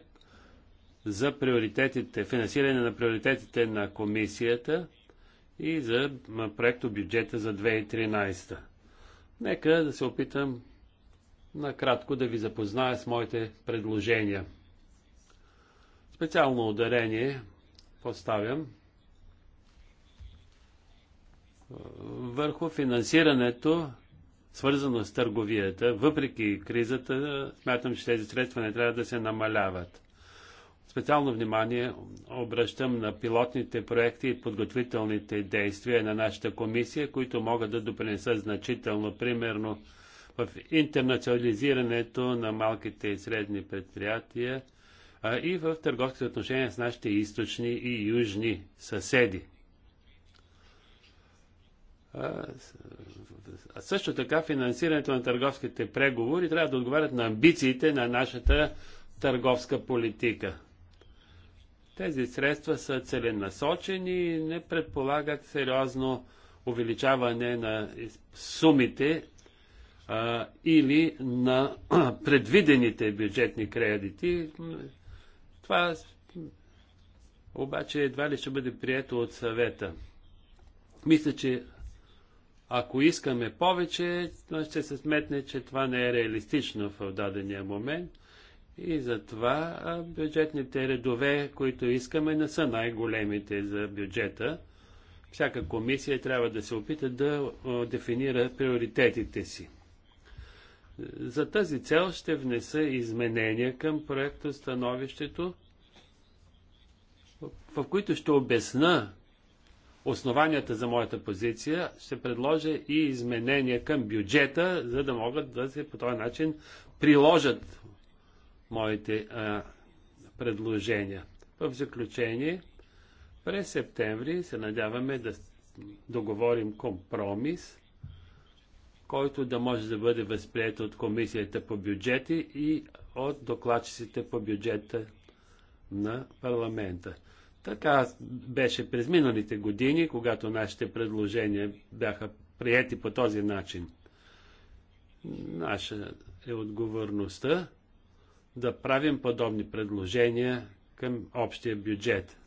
за приоритетите, финансиране на приоритетите на комисията и за проекто бюджета за 2013. Нека да се опитам накратко да ви запозная с моите предложения. Специално ударение поставям върху финансирането свързано с търговията, въпреки кризата, смятам, че тези средства не трябва да се намаляват. Специално внимание обръщам на пилотните проекти и подготвителните действия на нашата комисия, които могат да допринесат значително, примерно в интернационализирането на малките и средни предприятия а и в търговските отношения с нашите източни и южни съседи. А също така финансирането на търговските преговори трябва да отговарят на амбициите на нашата търговска политика. Тези средства са целенасочени и не предполагат сериозно увеличаване на сумите а, или на предвидените бюджетни кредити. Това обаче едва ли ще бъде прието от съвета. Мисля, че ако искаме повече, ще се сметне, че това не е реалистично в дадения момент. И затова бюджетните редове, които искаме, не са най-големите за бюджета. Всяка комисия трябва да се опита да дефинира приоритетите си. За тази цел ще внеса изменения към проекта становището, в които ще обясна основанията за моята позиция, ще предложа и изменения към бюджета, за да могат да се по този начин приложат моите а, предложения. В заключение, през септември се надяваме да договорим компромис, който да може да бъде възприят от комисията по бюджети и от докладчиците по бюджета на парламента. Така беше през миналите години, когато нашите предложения бяха прияти по този начин. Наша е отговорността да правим подобни предложения към общия бюджет.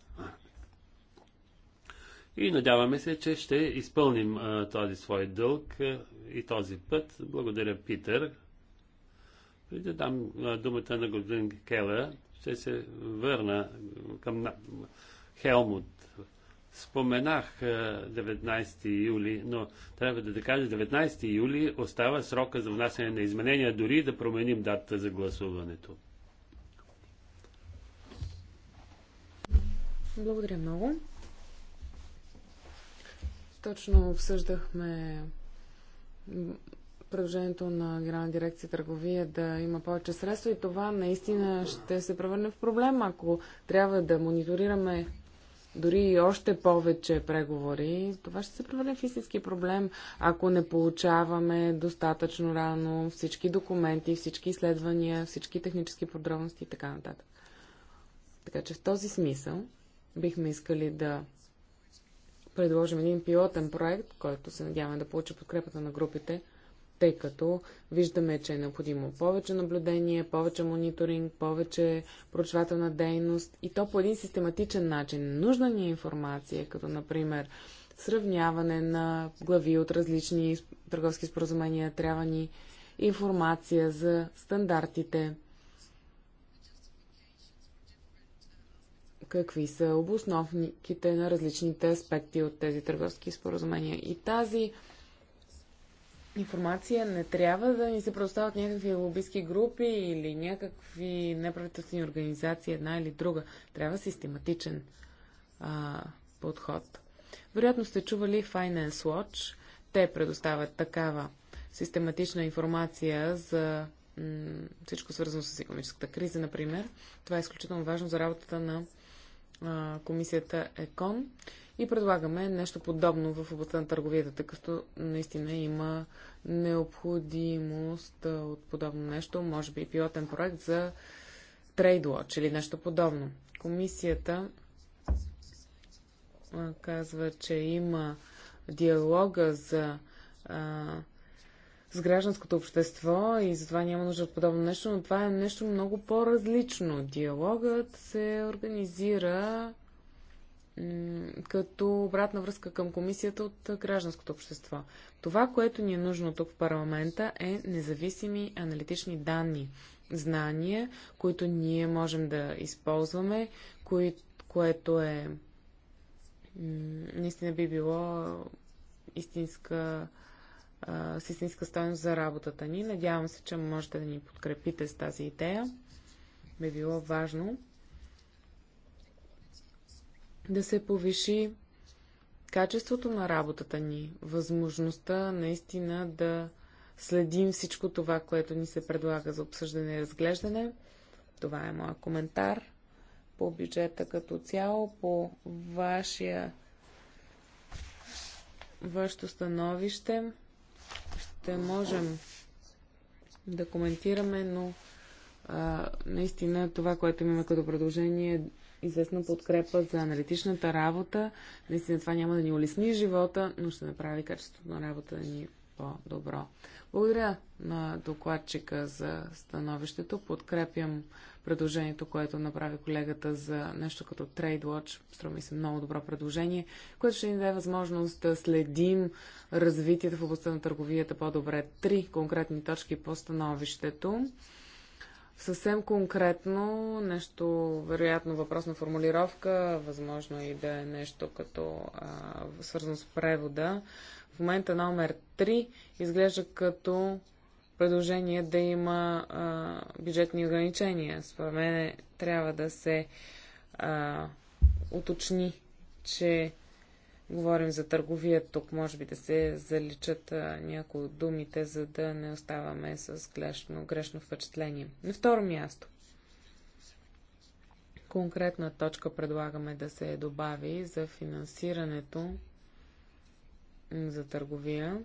И надяваме се, че ще изпълним а, този свой дълг а, и този път. Благодаря, Питър. Преди да дам думата на господин Келър, ще се върна към Хелмут. Споменах 19 юли, но трябва да, кажа, 19 юли остава срока за внасяне на изменения, дори да променим дата за гласуването. Благодаря много. Точно обсъждахме предложението на Генерална дирекция търговия да има повече средства и това наистина ще се превърне в проблем, ако трябва да мониторираме дори и още повече преговори, това ще се превърне в истински проблем, ако не получаваме достатъчно рано всички документи, всички изследвания, всички технически подробности и така нататък. Така че в този смисъл бихме искали да предложим един пилотен проект, който се надяваме да получи подкрепата на групите, тъй като виждаме, че е необходимо повече наблюдение, повече мониторинг, повече проучвателна дейност и то по един систематичен начин. Нужна ни е информация, като например сравняване на глави от различни търговски споразумения, трябва ни информация за стандартите, какви са обосновниките на различните аспекти от тези търговски споразумения. И тази информация не трябва да ни се предоставят някакви лобистки групи или някакви неправителствени организации, една или друга. Трябва систематичен а, подход. Вероятно сте чували Finance Watch. Те предоставят такава систематична информация за всичко свързано с економическата криза, например. Това е изключително важно за работата на а, комисията ЕКОН и предлагаме нещо подобно в областта на търговията, тъй като наистина има необходимост от подобно нещо, може би пилотен проект за TradeWatch или нещо подобно. Комисията казва, че има диалога за с гражданското общество и затова няма нужда от подобно нещо, но това е нещо много по-различно. Диалогът се организира като обратна връзка към комисията от гражданското общество. Това, което ни е нужно тук в парламента е независими аналитични данни, знания, които ние можем да използваме, кои, което е наистина би било истинска с истинска стойност за работата ни. Надявам се, че можете да ни подкрепите с тази идея. Би било важно да се повиши качеството на работата ни, възможността наистина да следим всичко това, което ни се предлага за обсъждане и разглеждане. Това е моят коментар по бюджета като цяло, по вашия вашето становище. Ще можем да коментираме, но а, наистина това, което имаме като предложение известна подкрепа за аналитичната работа. Наистина това няма да ни улесни живота, но ще направи качеството на работа да ни по-добро. Благодаря на докладчика за становището. Подкрепям предложението, което направи колегата за нещо като TradeWatch. Струва ми се много добро предложение, което ще ни даде възможност да следим развитието в областта на търговията по-добре. Три конкретни точки по становището. Съвсем конкретно, нещо, вероятно въпрос на формулировка, възможно и да е нещо като а, свързано с превода. В момента номер 3 изглежда като предложение да има а, бюджетни ограничения. Според мен трябва да се а, уточни, че говорим за търговия тук, може би да се заличат някои от думите, за да не оставаме с грешно, грешно впечатление. На второ място. Конкретна точка предлагаме да се добави за финансирането за търговия.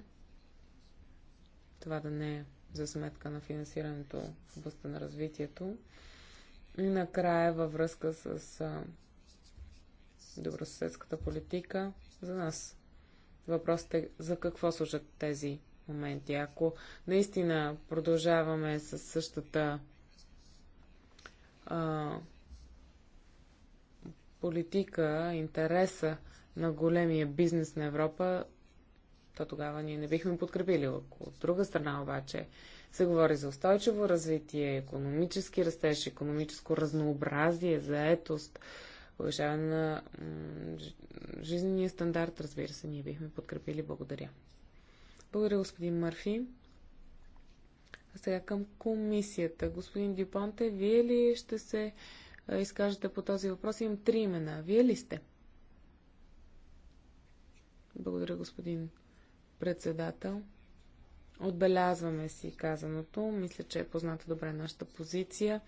Това да не е за сметка на финансирането в областта на развитието. И накрая във връзка с добросъседската политика за нас. Въпросът е за какво служат тези моменти. Ако наистина продължаваме с същата а, политика, интереса на големия бизнес на Европа, то тогава ние не бихме подкрепили. Ако от друга страна обаче се говори за устойчиво развитие, економически растеж, економическо разнообразие, заетост, повишаване на жизнения стандарт, разбира се, ние бихме подкрепили. Благодаря. Благодаря, господин Мърфи. А сега към комисията. Господин Дюпонте, вие ли ще се изкажете по този въпрос? Имам три имена. Вие ли сте? Благодаря, господин председател. Отбелязваме си казаното. Мисля, че е позната добре нашата позиция.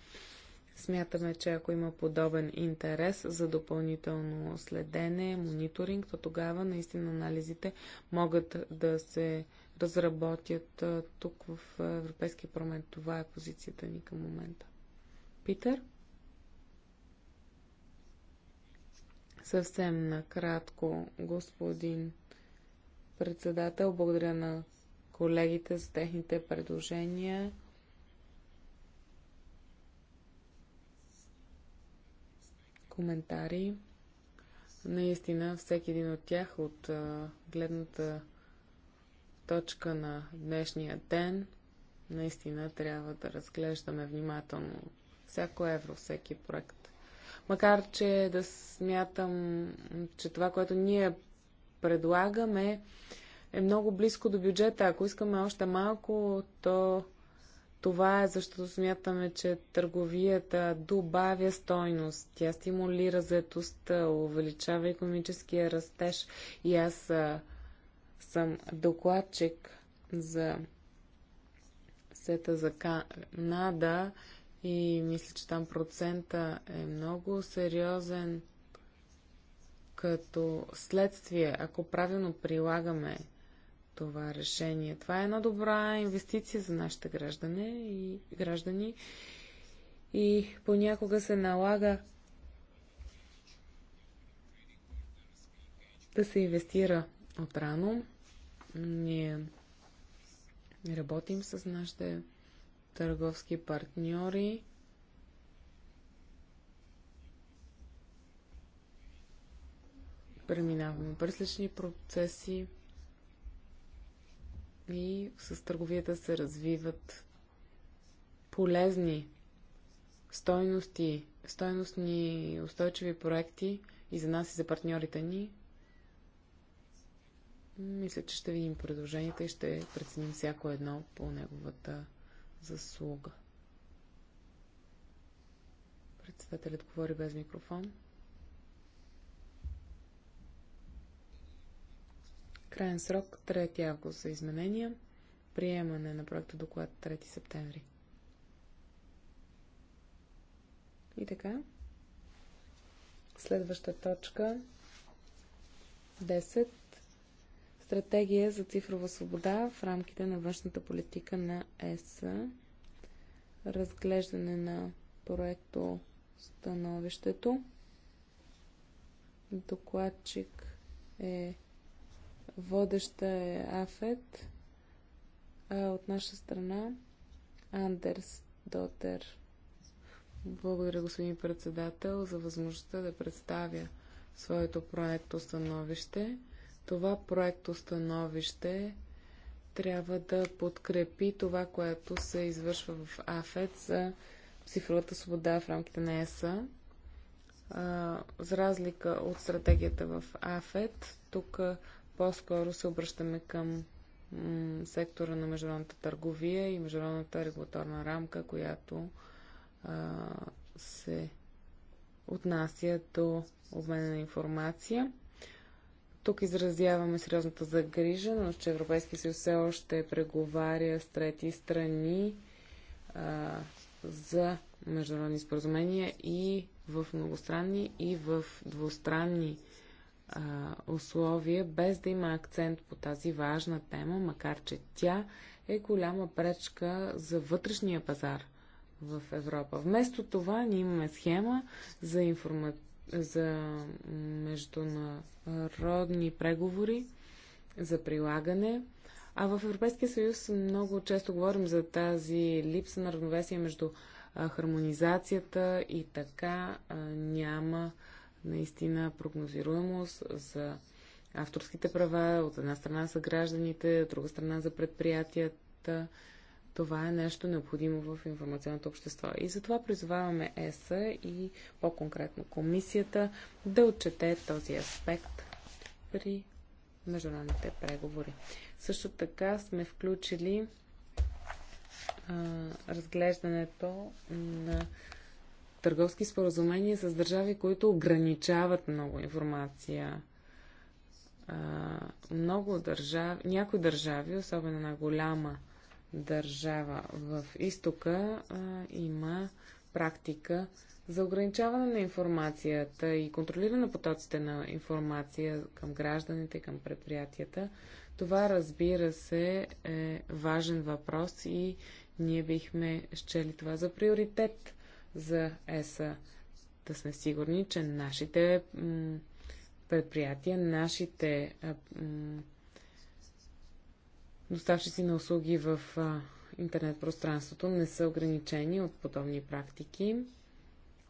Смятаме, че ако има подобен интерес за допълнително следене, мониторинг, то тогава наистина анализите могат да се разработят тук в Европейския парламент. Това е позицията ни към момента. Питър? Съвсем накратко, господин председател, благодаря на колегите за техните предложения. коментари. Наистина, всеки един от тях от а, гледната точка на днешния ден, наистина трябва да разглеждаме внимателно всяко евро, всеки проект. Макар, че да смятам, че това, което ние предлагаме, е много близко до бюджета. Ако искаме още малко, то това е защото смятаме, че търговията добавя стойност, тя стимулира заетостта, увеличава економическия растеж и аз съм докладчик за сета за Канада и мисля, че там процента е много сериозен като следствие, ако правилно прилагаме това решение. Това е една добра инвестиция за нашите граждане и граждани и понякога се налага да се инвестира отрано. Ние работим с нашите търговски партньори. Преминаваме през лични процеси и с търговията се развиват полезни стойности, стойностни устойчиви проекти и за нас и за партньорите ни. Мисля, че ще видим предложенията и ще преценим всяко едно по неговата заслуга. Председателят говори без микрофон. Крайен срок 3 август за изменения. Приемане на проекта доклад 3 септември. И така. Следваща точка 10. Стратегия за цифрова свобода в рамките на външната политика на ЕС. Разглеждане на проекто становището. Докладчик е Водеща е Афет. А от наша страна Андерс Дотер. Благодаря, господин председател, за възможността да представя своето проекто становище. Това проекто становище трябва да подкрепи това, което се извършва в Афет за цифровата свобода в рамките на ЕСА. За разлика от стратегията в Афет, тук по-скоро се обръщаме към сектора на международната търговия и международната регулаторна рамка, която а, се отнася до обмена на информация. Тук изразяваме сериозната загриженост, че Европейския съюз все още преговаря с трети страни а, за международни споразумения и в многостранни, и в двустранни а, без да има акцент по тази важна тема, макар че тя е голяма пречка за вътрешния пазар в Европа. Вместо това ние имаме схема за, информа... за международни преговори, за прилагане. А в Европейския съюз много често говорим за тази липса на равновесие между хармонизацията и така няма наистина прогнозируемост за авторските права, от една страна за гражданите, от друга страна за предприятията. Това е нещо необходимо в информационното общество. И затова призоваваме ЕСА и по-конкретно комисията да отчете този аспект при международните преговори. Също така сме включили а, разглеждането на търговски споразумения с държави, които ограничават много информация. А, много държави, някои държави, особено на голяма държава в изтока, а, има практика за ограничаване на информацията и контролиране на потоците на информация към гражданите, към предприятията. Това, разбира се, е важен въпрос и ние бихме щели това за приоритет за ЕСА. Да сме сигурни, че нашите предприятия, нашите доставчици на услуги в интернет пространството не са ограничени от подобни практики.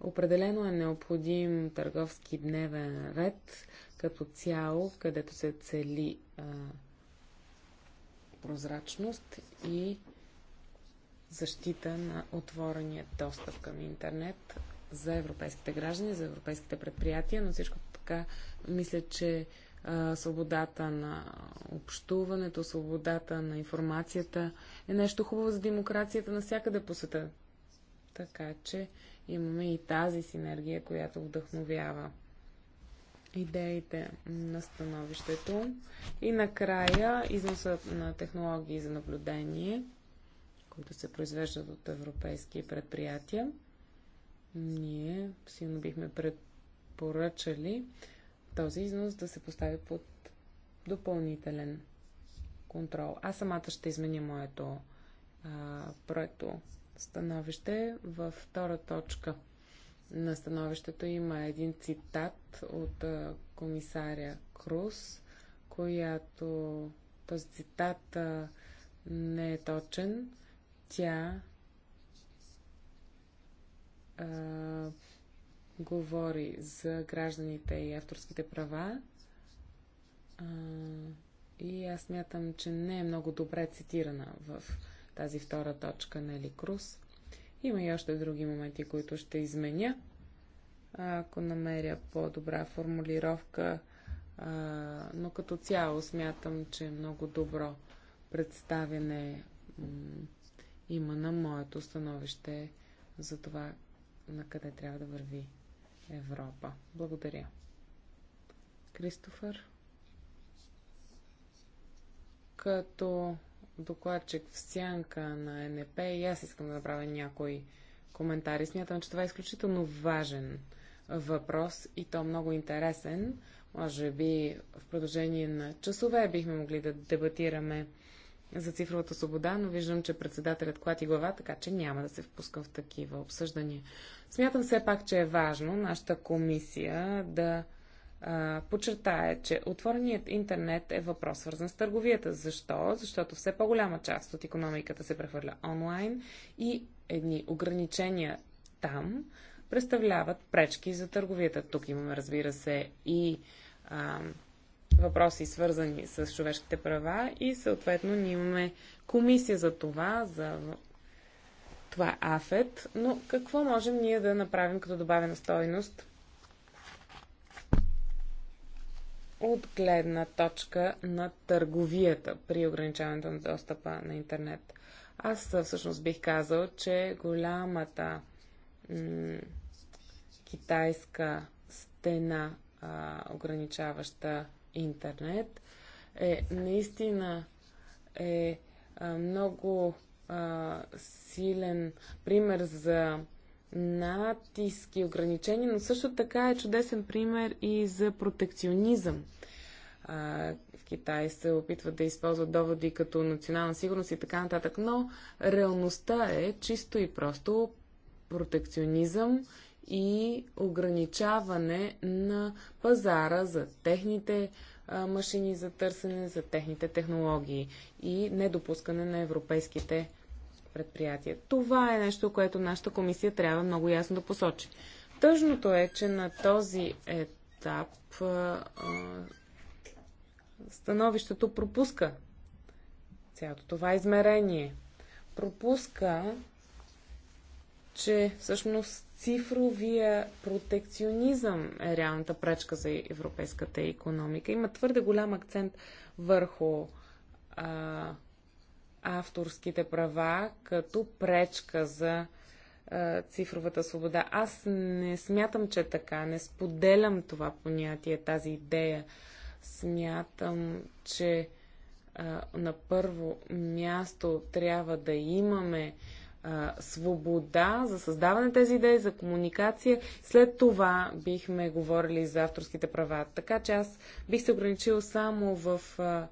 Определено е необходим търговски дневен ред като цяло, където се цели а, прозрачност и защита на отворения достъп към интернет за европейските граждани, за европейските предприятия, но всичко така мисля, че свободата на общуването, свободата на информацията е нещо хубаво за демокрацията навсякъде по света. Така че имаме и тази синергия, която вдъхновява идеите на становището. И накрая износът на технологии за наблюдение – които се произвеждат от европейски предприятия, ние силно бихме предпоръчали този износ да се постави под допълнителен контрол. Аз самата ще изменя моето а, проекто становище. Във втора точка на становището има един цитат от а, комисаря Круз, която този цитат а, не е точен. Тя а, говори за гражданите и авторските права. А, и аз мятам, че не е много добре цитирана в тази втора точка на Ели Крус. Има и още други моменти, които ще изменя. Ако намеря по-добра формулировка, а, но като цяло смятам, че е много добро представяне има на моето становище за това на къде трябва да върви Европа. Благодаря. Кристофър? Като докладчик в сянка на НП и аз искам да направя някои коментари. Смятам, че това е изключително важен въпрос и то много интересен. Може би в продължение на часове бихме могли да дебатираме за цифровата свобода, но виждам, че председателят клати глава, така че няма да се впускам в такива обсъждания. Смятам все пак, че е важно нашата комисия да а, че отвореният интернет е въпрос свързан с търговията. Защо? Защото все по-голяма част от економиката се прехвърля онлайн и едни ограничения там представляват пречки за търговията. Тук имаме, разбира се, и а, въпроси, свързани с човешките права и съответно ние имаме комисия за това, за това е АФЕТ, но какво можем ние да направим като добавена стойност от гледна точка на търговията при ограничаването на достъпа на интернет? Аз всъщност бих казал, че голямата китайска стена, а, ограничаваща интернет е наистина е много а, силен пример за натиски, ограничения, но също така е чудесен пример и за протекционизъм. А, в Китай се опитват да използват доводи като национална сигурност и така нататък, но реалността е чисто и просто протекционизъм и ограничаване на пазара за техните машини за търсене, за техните технологии и недопускане на европейските предприятия. Това е нещо, което нашата комисия трябва много ясно да посочи. Тъжното е, че на този етап становището пропуска цялото това измерение. Пропуска, че всъщност цифровия протекционизъм е реалната пречка за европейската економика. Има твърде голям акцент върху а, авторските права като пречка за а, цифровата свобода. Аз не смятам, че е така. Не споделям това понятие, тази идея. Смятам, че а, на първо място трябва да имаме свобода за създаване тези идеи, за комуникация. След това бихме говорили за авторските права. Така че аз бих се ограничил само в а,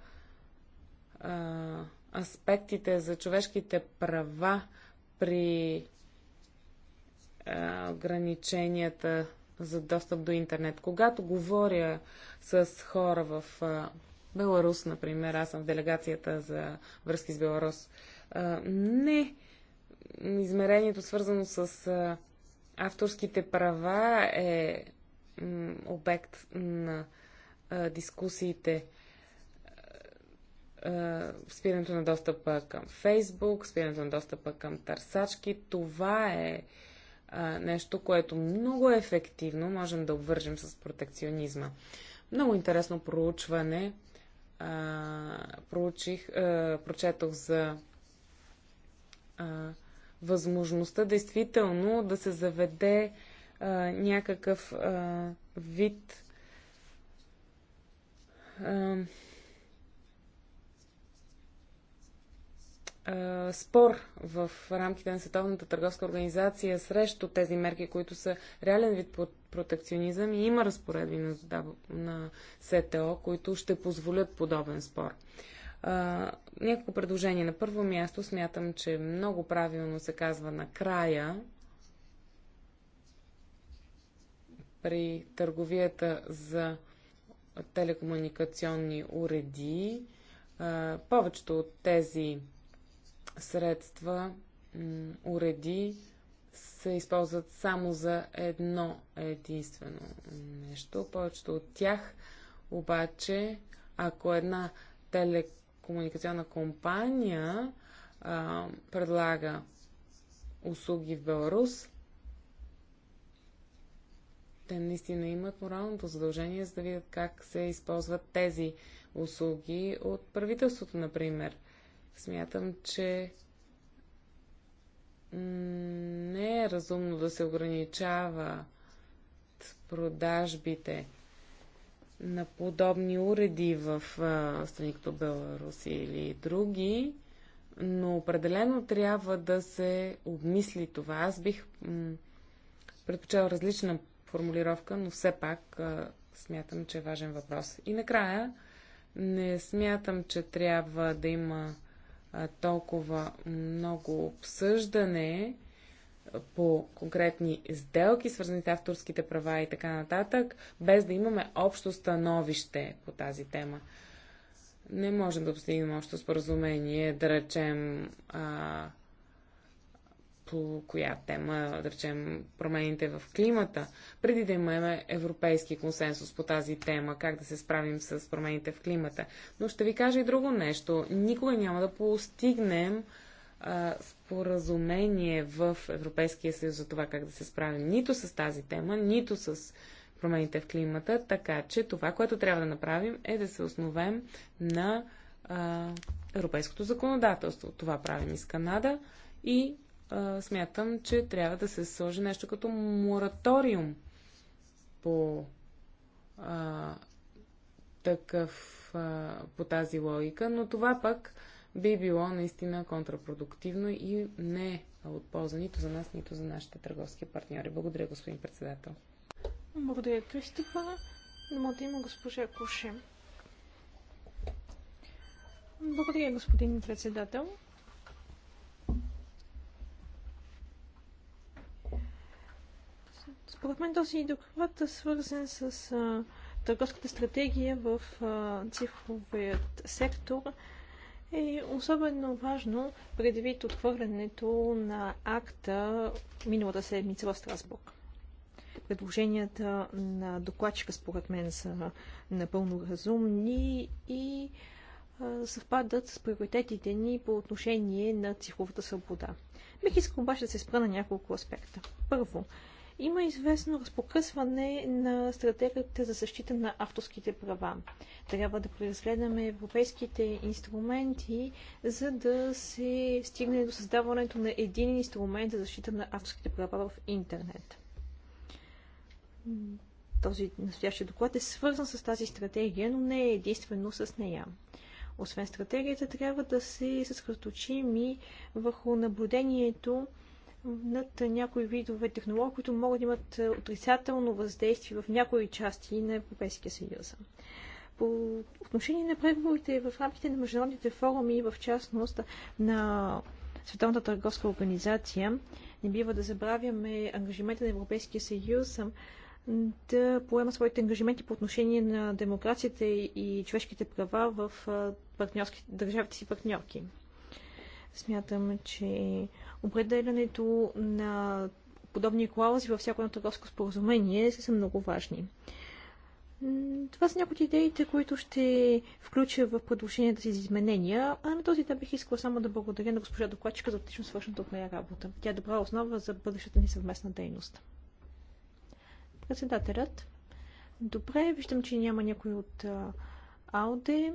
а, аспектите за човешките права при а, ограниченията за достъп до интернет. Когато говоря с хора в а, Беларус, например, аз съм в делегацията за връзки с Беларус, а, не измерението, свързано с авторските права, е обект на дискусиите. Спирането на достъпа към Фейсбук, спирането на достъпа към търсачки, това е нещо, което много ефективно можем да обвържем с протекционизма. Много интересно проучване а, проучих, а, прочетох за а, възможността действително да се заведе а, някакъв а, вид а, а, спор в рамките на Световната търговска организация срещу тези мерки, които са реален вид протекционизъм и има разпоредби на, на СТО, които ще позволят подобен спор. Някакво няколко предложения. На първо място смятам, че много правилно се казва накрая при търговията за телекомуникационни уреди. повечето от тези средства, уреди, се използват само за едно единствено нещо. Повечето от тях обаче, ако една телекомуникационна комуникационна компания а, предлага услуги в Беларус, те наистина имат моралното задължение, за да видят как се използват тези услуги от правителството, например. Смятам, че не е разумно да се ограничава продажбите на подобни уреди в страни като Беларус или други, но определено трябва да се обмисли това. Аз бих предпочел различна формулировка, но все пак а, смятам, че е важен въпрос. И накрая, не смятам, че трябва да има а, толкова много обсъждане по конкретни сделки, свързани с авторските права и така нататък, без да имаме общо становище по тази тема. Не можем да постигнем общо споразумение, да речем, а, по коя тема, да речем, промените в климата, преди да имаме европейски консенсус по тази тема, как да се справим с промените в климата. Но ще ви кажа и друго нещо. Никога няма да постигнем споразумение в Европейския съюз за това как да се справим нито с тази тема, нито с промените в климата, така че това, което трябва да направим е да се основем на а, европейското законодателство. Това правим и с Канада и а, смятам, че трябва да се сложи нещо като мораториум по а, такъв, а, по тази логика, но това пък би било наистина контрапродуктивно и не е от полза нито за нас, нито за нашите търговски партньори. Благодаря, господин председател. Благодаря, Кристофа. Думата има госпожа Куше. Благодаря, господин председател. Според мен този доклад е свързан с а, търговската стратегия в а, цифровият сектор е особено важно предвид отхвърлянето на акта миналата седмица в Страсбург. Предложенията на докладчика според мен са напълно разумни и съвпадат с приоритетите ни по отношение на цифровата свобода. Бих искал обаче да се спра на няколко аспекта. Първо, има известно разпокъсване на стратегията за защита на авторските права. Трябва да преразгледаме европейските инструменти, за да се стигне до създаването на един инструмент за защита на авторските права в интернет. Този настоящия доклад е свързан с тази стратегия, но не е единствено с нея. Освен стратегията, трябва да се съсредоточим и върху наблюдението над някои видове технологии, които могат да имат е, отрицателно въздействие в някои части на Европейския съюз. По отношение на преговорите в рамките на международните форуми, и в частност на Световната търговска организация, не бива да забравяме ангажимента на Европейския съюз да поема своите ангажименти по отношение на демокрацията и човешките права в държавите си партньорки. Смятам, че определянето на подобни клаузи във всяко едно търговско споразумение са много важни. Това са някои от идеите, които ще включа в предложенията си за изменения, а на този етап бих искала само да благодаря на госпожа докладчика за отлично свършната от нея работа. Тя е добра основа за бъдещата ни съвместна дейност. Председателят. Добре, виждам, че няма някой от а, АУДЕ.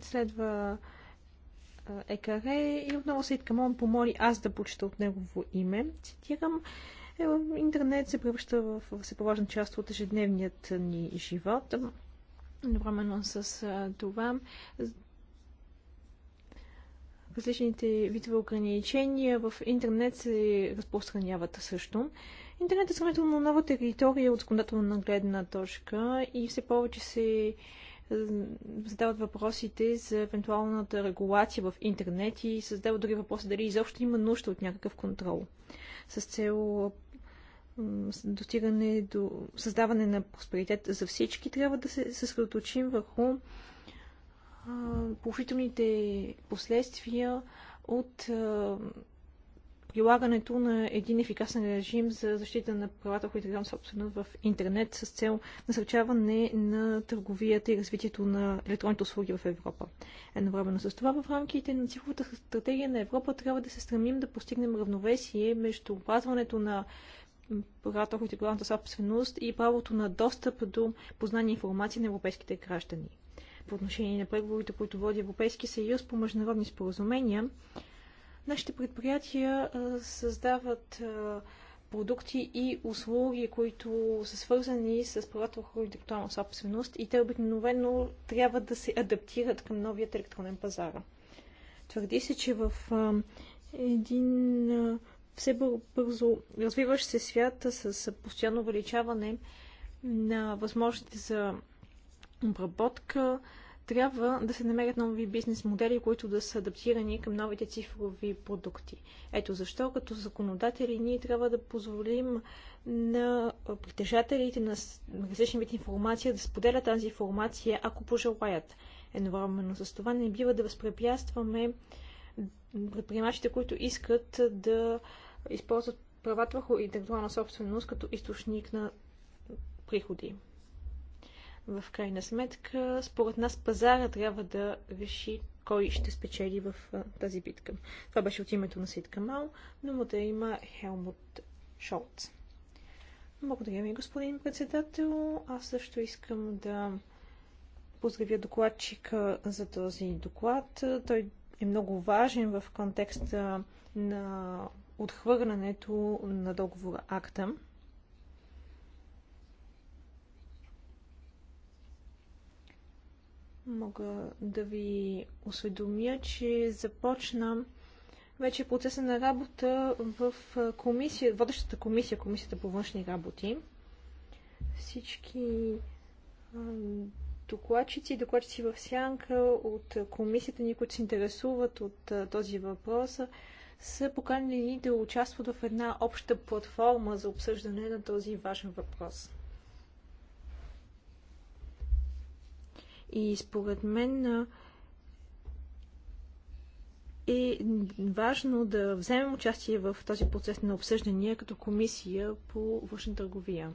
Следва Екаре и отново Сейд Камон помоли аз да почета от негово име. Цитирам, е, интернет се превръща в всеповажна част от ежедневният ни живот. Едновременно с е, това различните видове ограничения в интернет се разпространяват също. Интернет е сравнително нова територия от законодателна гледна точка и все повече се задават въпросите за евентуалната регулация в интернет и създават други въпроси дали изобщо има нужда от някакъв контрол с цел достигане до създаване на просперитет за всички, трябва да се съсредоточим върху положителните последствия от прилагането на един ефикасен режим за защита на правата върху интелектуална собственост в интернет с цел насърчаване на търговията и развитието на електронните услуги в Европа. Едновременно с това в рамките на цифровата стратегия на Европа трябва да се стремим да постигнем равновесие между опазването на правата е върху интелектуалната собственост и правото на достъп до познание и информация на европейските граждани. По отношение на преговорите, които води Европейски съюз по международни споразумения, Нашите предприятия създават продукти и услуги, които са свързани с правата върху интелектуална собственост и те обикновено трябва да се адаптират към новият електронен пазар. Твърди се, че в един все бързо развиващ се свят с постоянно увеличаване на възможности за обработка, трябва да се намерят нови бизнес модели, които да са адаптирани към новите цифрови продукти. Ето защо, като законодатели, ние трябва да позволим на притежателите на различни вид информация да споделят тази информация, ако пожелаят. Едновременно с това не бива да възпрепятстваме предприемачите, които искат да използват правата върху интелектуална собственост като източник на приходи. В крайна сметка, според нас пазара трябва да реши кой ще спечели в тази битка. Това беше от името на Сид Камал, но му да има Хелмут Шолц. Благодаря ви, господин председател. Аз също искам да поздравя докладчика за този доклад. Той е много важен в контекста на отхвърлянето на договора акта. Мога да ви осведомя, че започна вече процеса на работа в комисия, водещата комисия, комисията по външни работи. Всички докладчици и докладчици в сянка от комисията ни, които се интересуват от този въпрос, са поканени да участват в една обща платформа за обсъждане на този важен въпрос. И според мен е важно да вземем участие в този процес на обсъждания като комисия по външна търговия.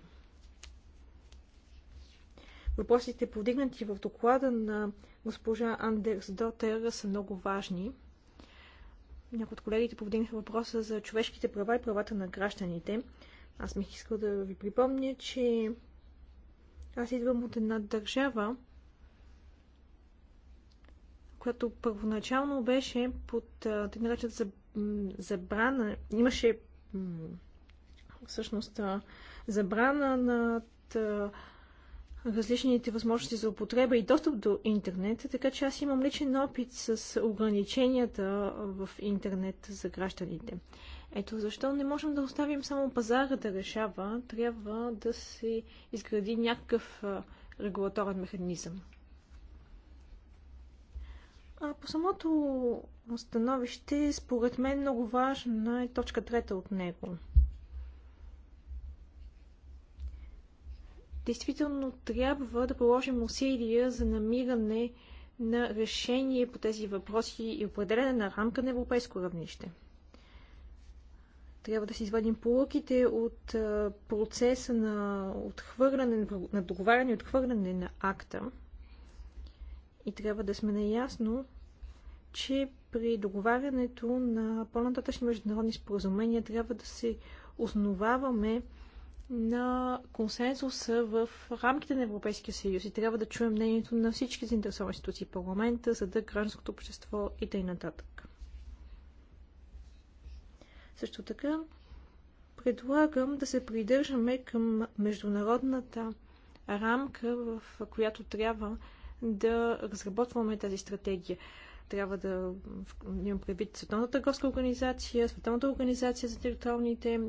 Въпросите, повдигнати в доклада на госпожа Андерс Дотер, са много важни. Някои от колегите повдигнаха въпроса за човешките права и правата на гражданите. Аз бих искал да ви припомня, че аз идвам от една държава, която първоначално беше под така наречената забрана. Имаше всъщност забрана над различните възможности за употреба и достъп до интернет, така че аз имам личен опит с ограниченията в интернет за гражданите. Ето защо не можем да оставим само пазара да решава, трябва да се изгради някакъв регулаторен механизъм. А по самото становище, според мен, много важна е точка трета от него. Действително трябва да положим усилия за намиране на решение по тези въпроси и определене на рамка на европейско равнище. Трябва да си извадим полуките от процеса на, отхвърляне, на договаряне и отхвърляне на акта. И трябва да сме наясно, че при договарянето на по-нататъчни международни споразумения трябва да се основаваме на консенсуса в рамките на Европейския съюз и трябва да чуем мнението на всички заинтересовани институции, парламента, съда, гражданското общество и т.н. Също така, предлагам да се придържаме към международната рамка, в която трябва да разработваме тази стратегия. Трябва да имам предвид Световната търговска организация, Световната организация за териториалните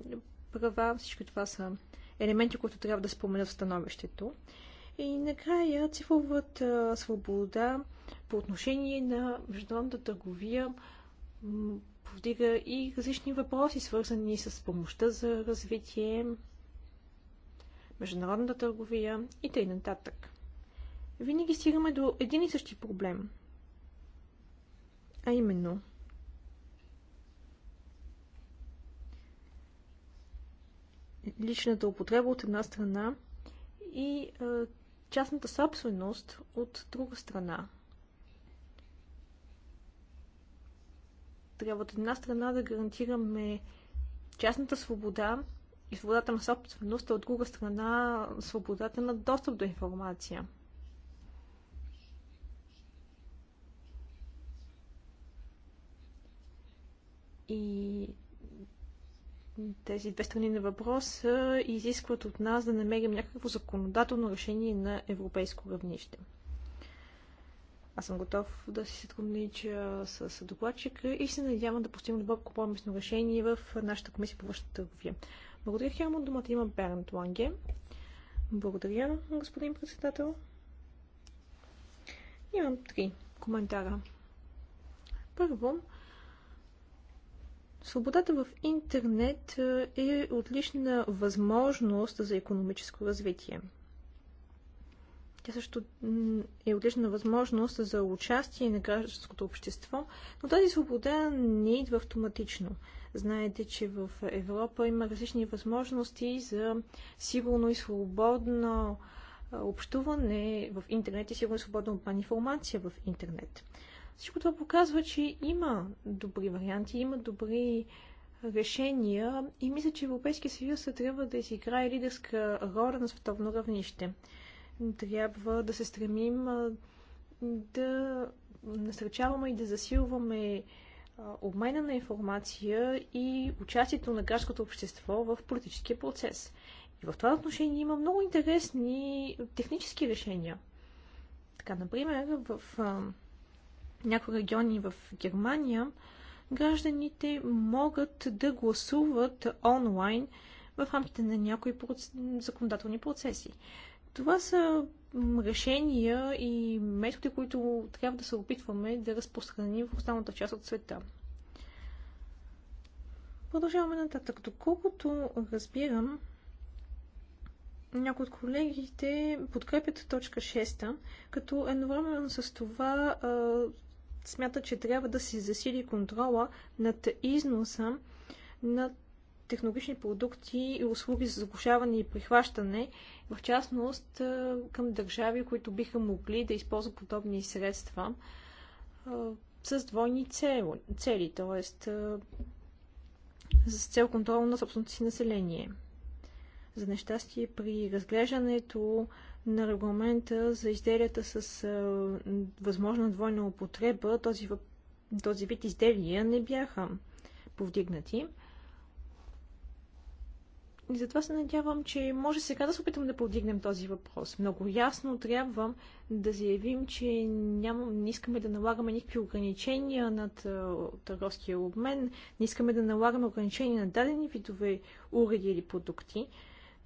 права. Всичко това са елементи, които трябва да споменат в становището. И накрая цифровата свобода по отношение на международната търговия повдига и различни въпроси, свързани с помощта за развитие, международната търговия и т.н. нататък винаги стигаме до един и същи проблем. А именно. Личната употреба от една страна и е, частната собственост от друга страна. Трябва от една страна да гарантираме частната свобода и свободата на собственост, а от друга страна свободата на достъп до информация. И тези две страни на въпроса изискват от нас да намерим някакво законодателно решение на европейско равнище. Аз съм готов да си сътруднича с докладчика и се надявам да постигнем добро компромисно решение в нашата комисия по външната търговия. Благодаря, Хермо. Думата има Бернт Ланге. Благодаря, господин председател. Имам три коментара. Първо, Свободата в интернет е, е отлична възможност за економическо развитие. Тя също е отлична възможност за участие на гражданското общество, но тази свобода не идва автоматично. Знаете, че в Европа има различни възможности за сигурно и свободно общуване в интернет и сигурно и свободно обман информация в интернет. Всичко това показва, че има добри варианти, има добри решения и мисля, че Европейския съюз трябва да изиграе лидерска роля на световно равнище. Трябва да се стремим да насърчаваме и да засилваме обмена на информация и участието на гражданското общество в политическия процес. И в това отношение има много интересни технически решения. Така, например, в някои региони в Германия, гражданите могат да гласуват онлайн в рамките на някои законодателни процеси. Това са решения и методи, които трябва да се опитваме да разпространим в останалата част от света. Продължаваме нататък. Доколкото разбирам, някои от колегите подкрепят точка 6, като едновременно с това смята, че трябва да се засили контрола над износа на технологични продукти и услуги за заглушаване и прихващане, в частност към държави, които биха могли да използват подобни средства с двойни цели, т.е. с цел контрол на собственото си население. За нещастие при разглеждането на регламента за изделията с възможна двойна употреба, този, този вид изделия не бяха повдигнати. И затова се надявам, че може сега да се опитам да повдигнем този въпрос. Много ясно трябва да заявим, че няма, не искаме да налагаме никакви ограничения над търговския обмен, не искаме да налагаме ограничения на дадени видове уреди или продукти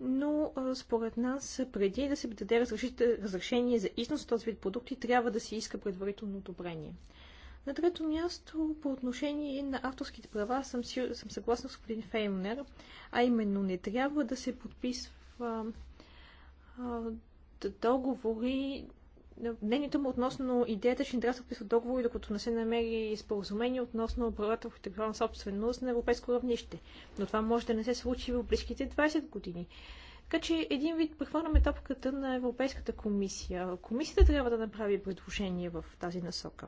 но според нас преди да се даде разрешение за износ този вид продукти, трябва да се иска предварително одобрение. На трето място, по отношение на авторските права, съм, си, съм съгласна с господин Феймнер, а именно не трябва да се подписва а, договори мнението му относно идеята, че не трябва да се подписват договори, докато не се намери споразумение относно правата в интегрална собственост на европейско равнище. Но това може да не се случи в близките 20 години. Така че един вид прехвърляме топката на Европейската комисия. Комисията трябва да направи предложение в тази насока.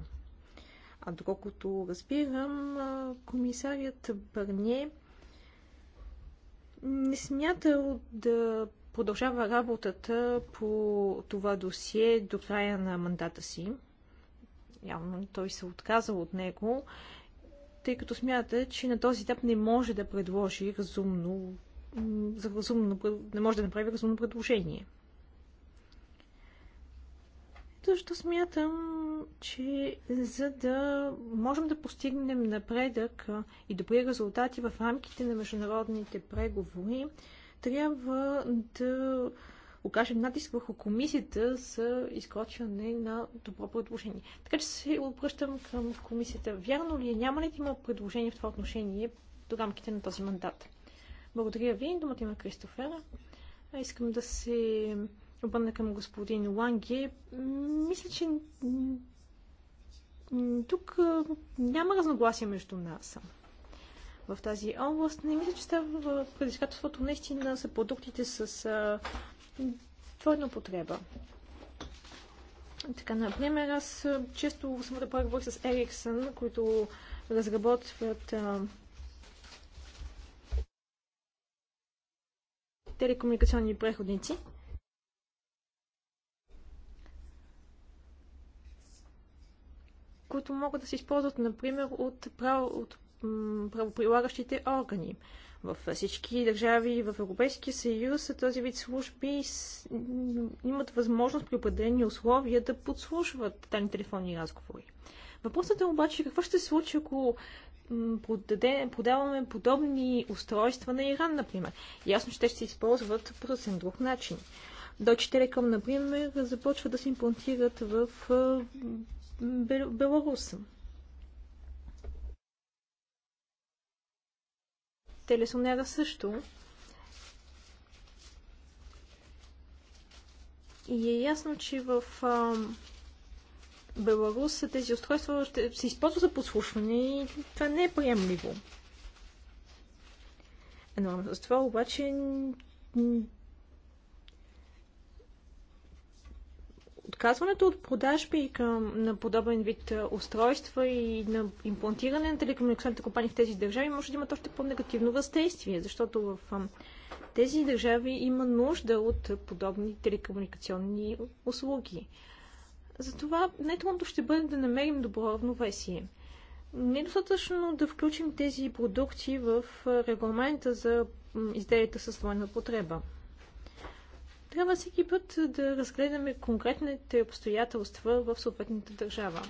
А доколкото разбирам, комисарият Бърне не смятал да продължава работата по това досие до края на мандата си. Явно той се отказал от него, тъй като смята, че на този етап не може да предложи разумно, за разумно не може да направи разумно предложение. Защото смятам, че за да можем да постигнем напредък и добри резултати в рамките на международните преговори, трябва да окажем натиск върху комисията за изготвяне на добро предложение. Така че се обръщам към комисията. Вярно ли е? Няма ли да има предложение в това отношение до рамките на този мандат? Благодаря ви. Думата има Кристофера. Искам да се обърна към господин Ланге. Мисля, че тук няма разногласие между нас в тази област. Не мисля, че става в предизвикателството наистина са продуктите с а, двойна потреба. Така, например, аз често съм да говоря с Ериксън, които разработват а, телекомуникационни преходници. които могат да се използват, например, от, право, от правоприлагащите органи. Във всички държави в Европейския съюз този вид служби имат възможност при определени условия да подслушват тайни телефонни разговори. Въпросът е обаче какво ще се случи, ако продаваме подобни устройства на Иран, например. Ясно, че те ще се използват по съвсем друг начин. Deutsche Телеком, например, започва да се имплантират в белоруса. телесонера също. И е ясно, че в Беларус тези устройства ще се използват за подслушване и това не е приемливо. Едно с това обаче Отказването от продажби към, на подобен вид устройства и на имплантиране на телекомуникационните компании в тези държави може да имат още по-негативно въздействие, защото в тези държави има нужда от подобни телекомуникационни услуги. Затова най трудното ще бъде да намерим добро равновесие. Не е достатъчно да включим тези продукти в регламента за изделията с двойна потреба трябва всеки път да разгледаме конкретните обстоятелства в съответната държава.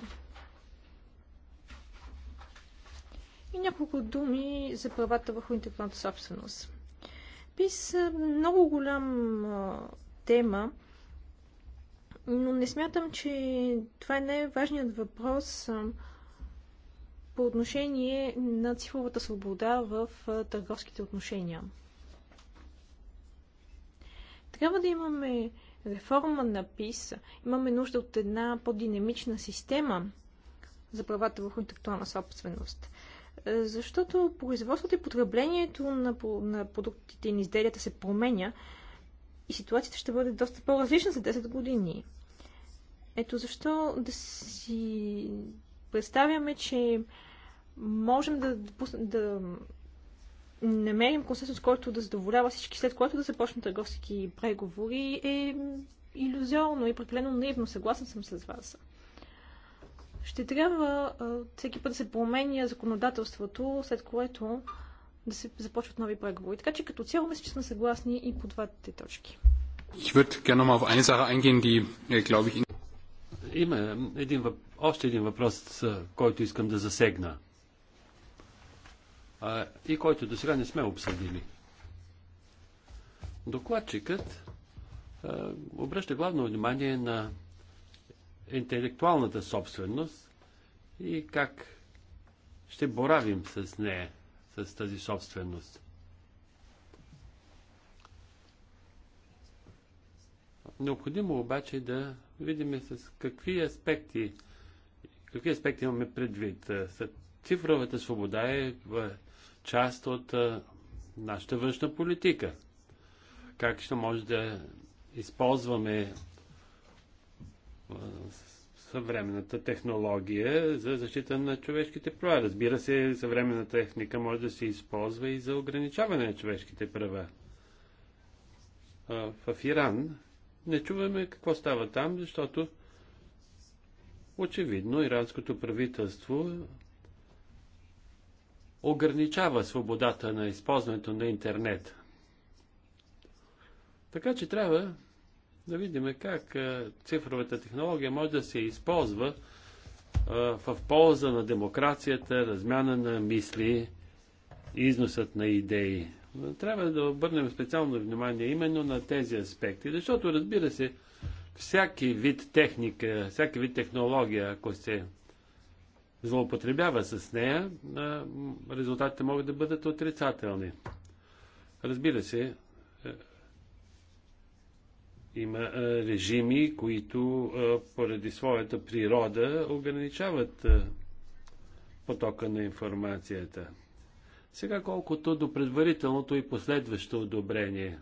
И няколко думи за правата върху интелектуалната собственост. ПИС е много голям тема, но не смятам, че това е най-важният въпрос по отношение на цифровата свобода в търговските отношения. Трябва да имаме реформа на ПИС. Имаме нужда от една по-динамична система за правата върху интелектуална собственост. Е, защото производството и потреблението на, на продуктите и на изделията се променя и ситуацията ще бъде доста по-различна за 10 години. Ето защо да си представяме, че можем да, да, да намерим консенсус, който да задоволява всички, след което да започнат търговски преговори, е иллюзионно и прекалено наивно. Съгласен съм с вас. Ще трябва всеки път да се променя законодателството, след което да се започват нови преговори. Така че като цяло мисля, че сме съгласни и по двете точки. Äh, има един, въп... още един въпрос, който искам да засегна а, и който до сега не сме обсъдили. Докладчикът а, обръща главно внимание на интелектуалната собственост и как ще боравим с нея, с тази собственост. Необходимо обаче да видим с какви аспекти, какви аспекти имаме предвид. Е, цифровата свобода е, е част от нашата външна политика. Как ще може да използваме съвременната технология за защита на човешките права. Разбира се, съвременна техника може да се използва и за ограничаване на човешките права. В Иран не чуваме какво става там, защото очевидно иранското правителство ограничава свободата на използването на интернет. Така че трябва да видим как е, цифровата технология може да се използва е, в полза на демокрацията, размяна на мисли износът на идеи. Трябва да обърнем специално внимание именно на тези аспекти, защото разбира се, всяки вид техника, всяки вид технология, ако се злоупотребява с нея, резултатите могат да бъдат отрицателни. Разбира се, е, има е, режими, които е, поради своята природа ограничават потока на информацията. Сега колкото до предварителното и последващо одобрение.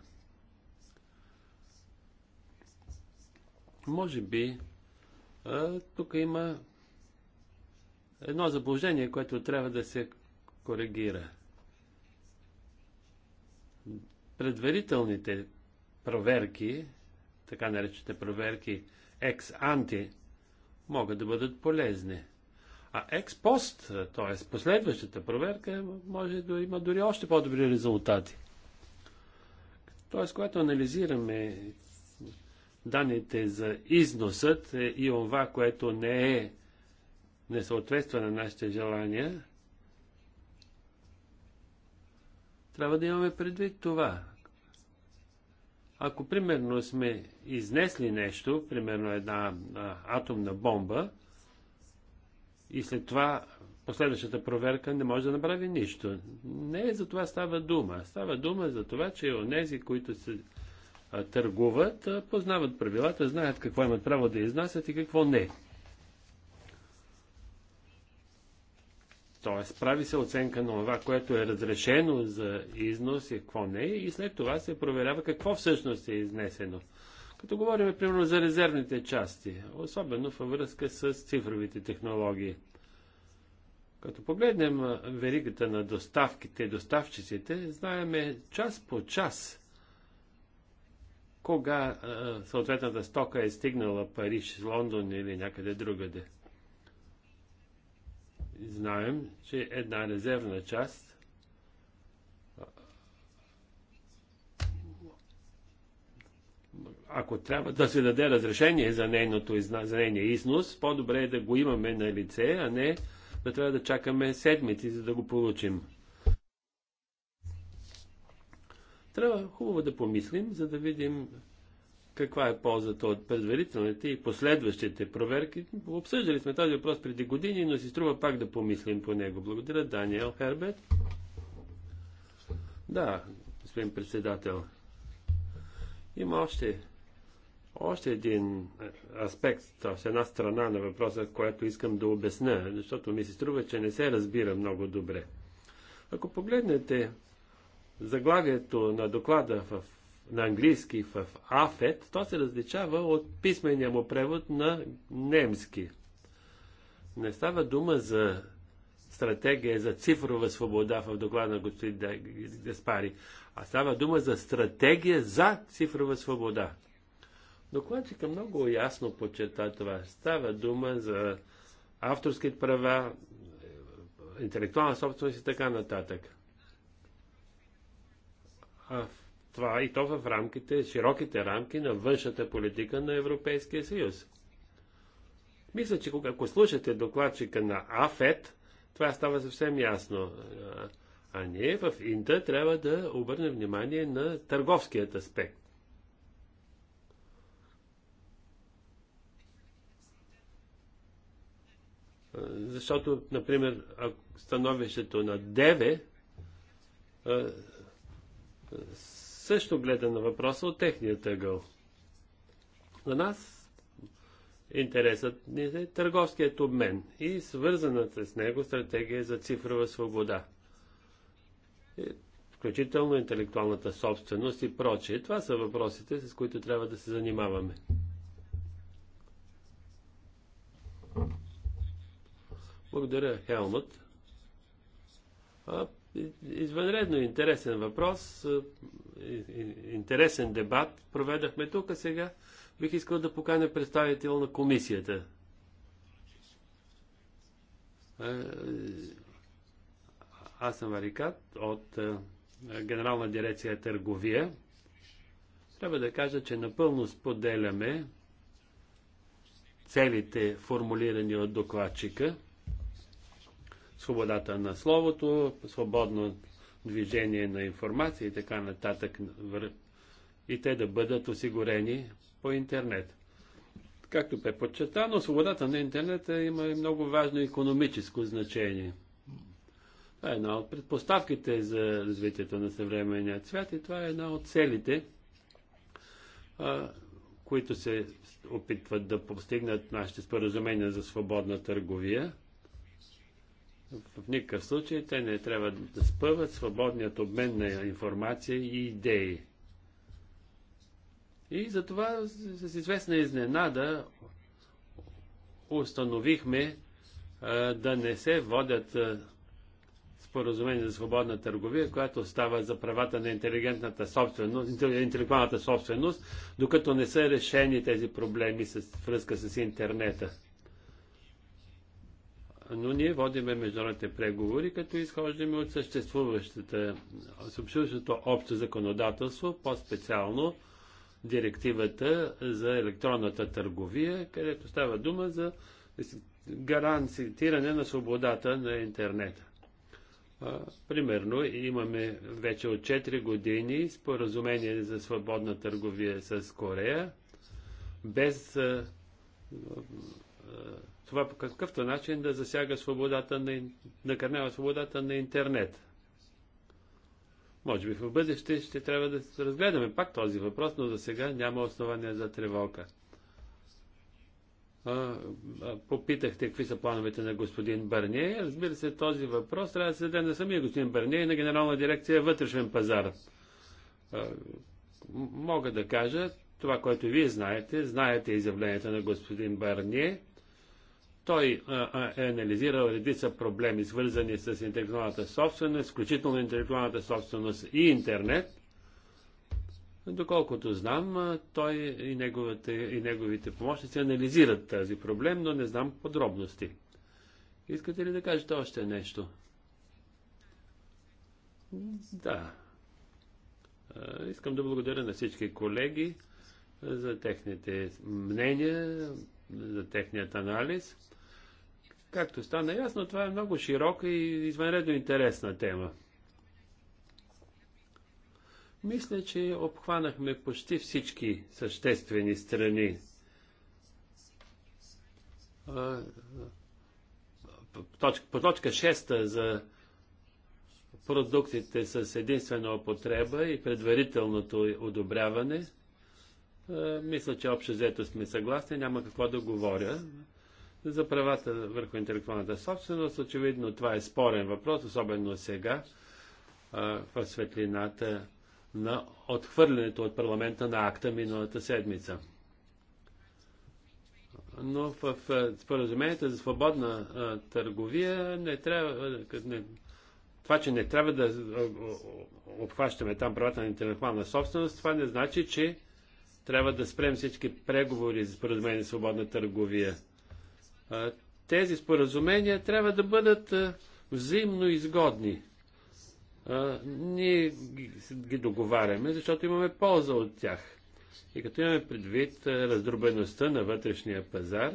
Може би тук има едно заблуждение, което трябва да се коригира. Предварителните проверки, така наречените проверки екс-анти, могат да бъдат полезни. А екс пост, т.е. последващата проверка, може да има дори още по-добри резултати. Т.е. когато анализираме данните за износът е и това, което не е не съответства на нашите желания, трябва да имаме предвид това. Ако примерно сме изнесли нещо, примерно една а, атомна бомба, и след това последващата проверка не може да направи нищо. Не е за това става дума. Става дума за това, че онези, които се а, търгуват, а, познават правилата, знаят какво имат право да изнасят и какво не. Тоест, прави се оценка на това, което е разрешено за износ и какво не е, и след това се проверява какво всъщност е изнесено. Като говорим, примерно, за резервните части, особено във връзка с цифровите технологии. Като погледнем веригата на доставките и доставчиците, знаеме час по час кога съответната стока е стигнала Париж, Лондон или някъде другаде знаем, че една резервна част ако трябва да се даде разрешение за, нейното, за нейния износ, по-добре е да го имаме на лице, а не да трябва да чакаме седмици, за да го получим. Трябва хубаво да помислим, за да видим каква е ползата от предварителните и последващите проверки. Обсъждали сме този въпрос преди години, но си струва пак да помислим по него. Благодаря, Даниел Хербет. Да, господин председател. Има още, още един аспект, още една страна на въпроса, която искам да обясня, защото ми се струва, че не се разбира много добре. Ако погледнете заглавието на доклада в на английски в Афет, то се различава от писмения му превод на немски. Не става дума за стратегия за цифрова свобода в доклада на господин Деспари, а става дума за стратегия за цифрова свобода. Докладчика много ясно почета това. Става дума за авторски права, интелектуална собственост и така нататък. А това и то в рамките, широките рамки на външната политика на Европейския съюз. Мисля, че ако слушате докладчика на АФЕТ, това става съвсем ясно. А ние в Инта трябва да обърнем внимание на търговският аспект. Защото, например, становището на Деве също гледа на въпроса от техния тъгъл. За нас интересът ни е търговският обмен и свързаната с него стратегия за цифрова свобода. Е, включително интелектуалната собственост и прочее. Това са въпросите, с които трябва да се занимаваме. Благодаря, Хелмут. Извънредно интересен въпрос, е, интересен дебат проведахме тук, а сега бих искал да поканя представител на комисията. Е, аз съм Арикат от е, Генерална дирекция Търговия. Трябва да кажа, че напълно споделяме целите, формулирани от докладчика – свободата на словото, свободно движение на информация и така нататък, и те да бъдат осигурени по интернет. Както бе подчертано, свободата на интернета е- има и много важно економическо значение. Това е една от предпоставките за развитието на съвременния свят и това е една от целите, които се опитват да постигнат нашите споразумения за свободна търговия – в никакъв случай те не трябва да спъват свободният обмен на информация и идеи. И затова с известна изненада установихме а, да не се водят а, споразумение за свободна търговия, която става за правата на интелигентната собственост, интелектуалната собственост, докато не са решени тези проблеми с връзка с интернета. Но ние водиме международните преговори, като изхождаме от съществуващото общо законодателство, по-специално директивата за електронната търговия, където става дума за гарантиране на свободата на интернета. Примерно имаме вече от 4 години споразумение за свободна търговия с Корея, без това по какъвто начин да засяга свободата на, накърнява свободата на интернет. Може би в бъдеще ще трябва да разгледаме пак този въпрос, но за сега няма основания за тревога. Попитахте какви са плановете на господин Бърне. Разбира се, този въпрос трябва да се даде на самия господин Бърне и на Генерална дирекция вътрешен пазар. А, мога да кажа това, което вие знаете, знаете изявленията на господин Барние той а, е анализирал редица проблеми, свързани с интелектуалната собственост, включително интелектуалната собственост и интернет. Доколкото знам, той и неговите, и неговите помощници анализират тази проблем, но не знам подробности. Искате ли да кажете още нещо? Да. Искам да благодаря на всички колеги за техните мнения, за техният анализ. Както стана ясно, това е много широка и извънредно интересна тема. Мисля, че обхванахме почти всички съществени страни. По точка 6 за продуктите с единствена употреба и предварителното одобряване, мисля, че общо взето сме съгласни, няма какво да говоря. За правата върху интелектуалната собственост, очевидно това е спорен въпрос, особено сега, в светлината на отхвърлянето от парламента на акта миналата седмица. Но в споразумението за свободна търговия не трябва. Не, това, че не трябва да обхващаме там правата на интелектуална собственост, това не значи, че трябва да спрем всички преговори за споразумение за свободна търговия тези споразумения трябва да бъдат взаимно изгодни. Ние ги договаряме, защото имаме полза от тях. И като имаме предвид раздробеността на вътрешния пазар,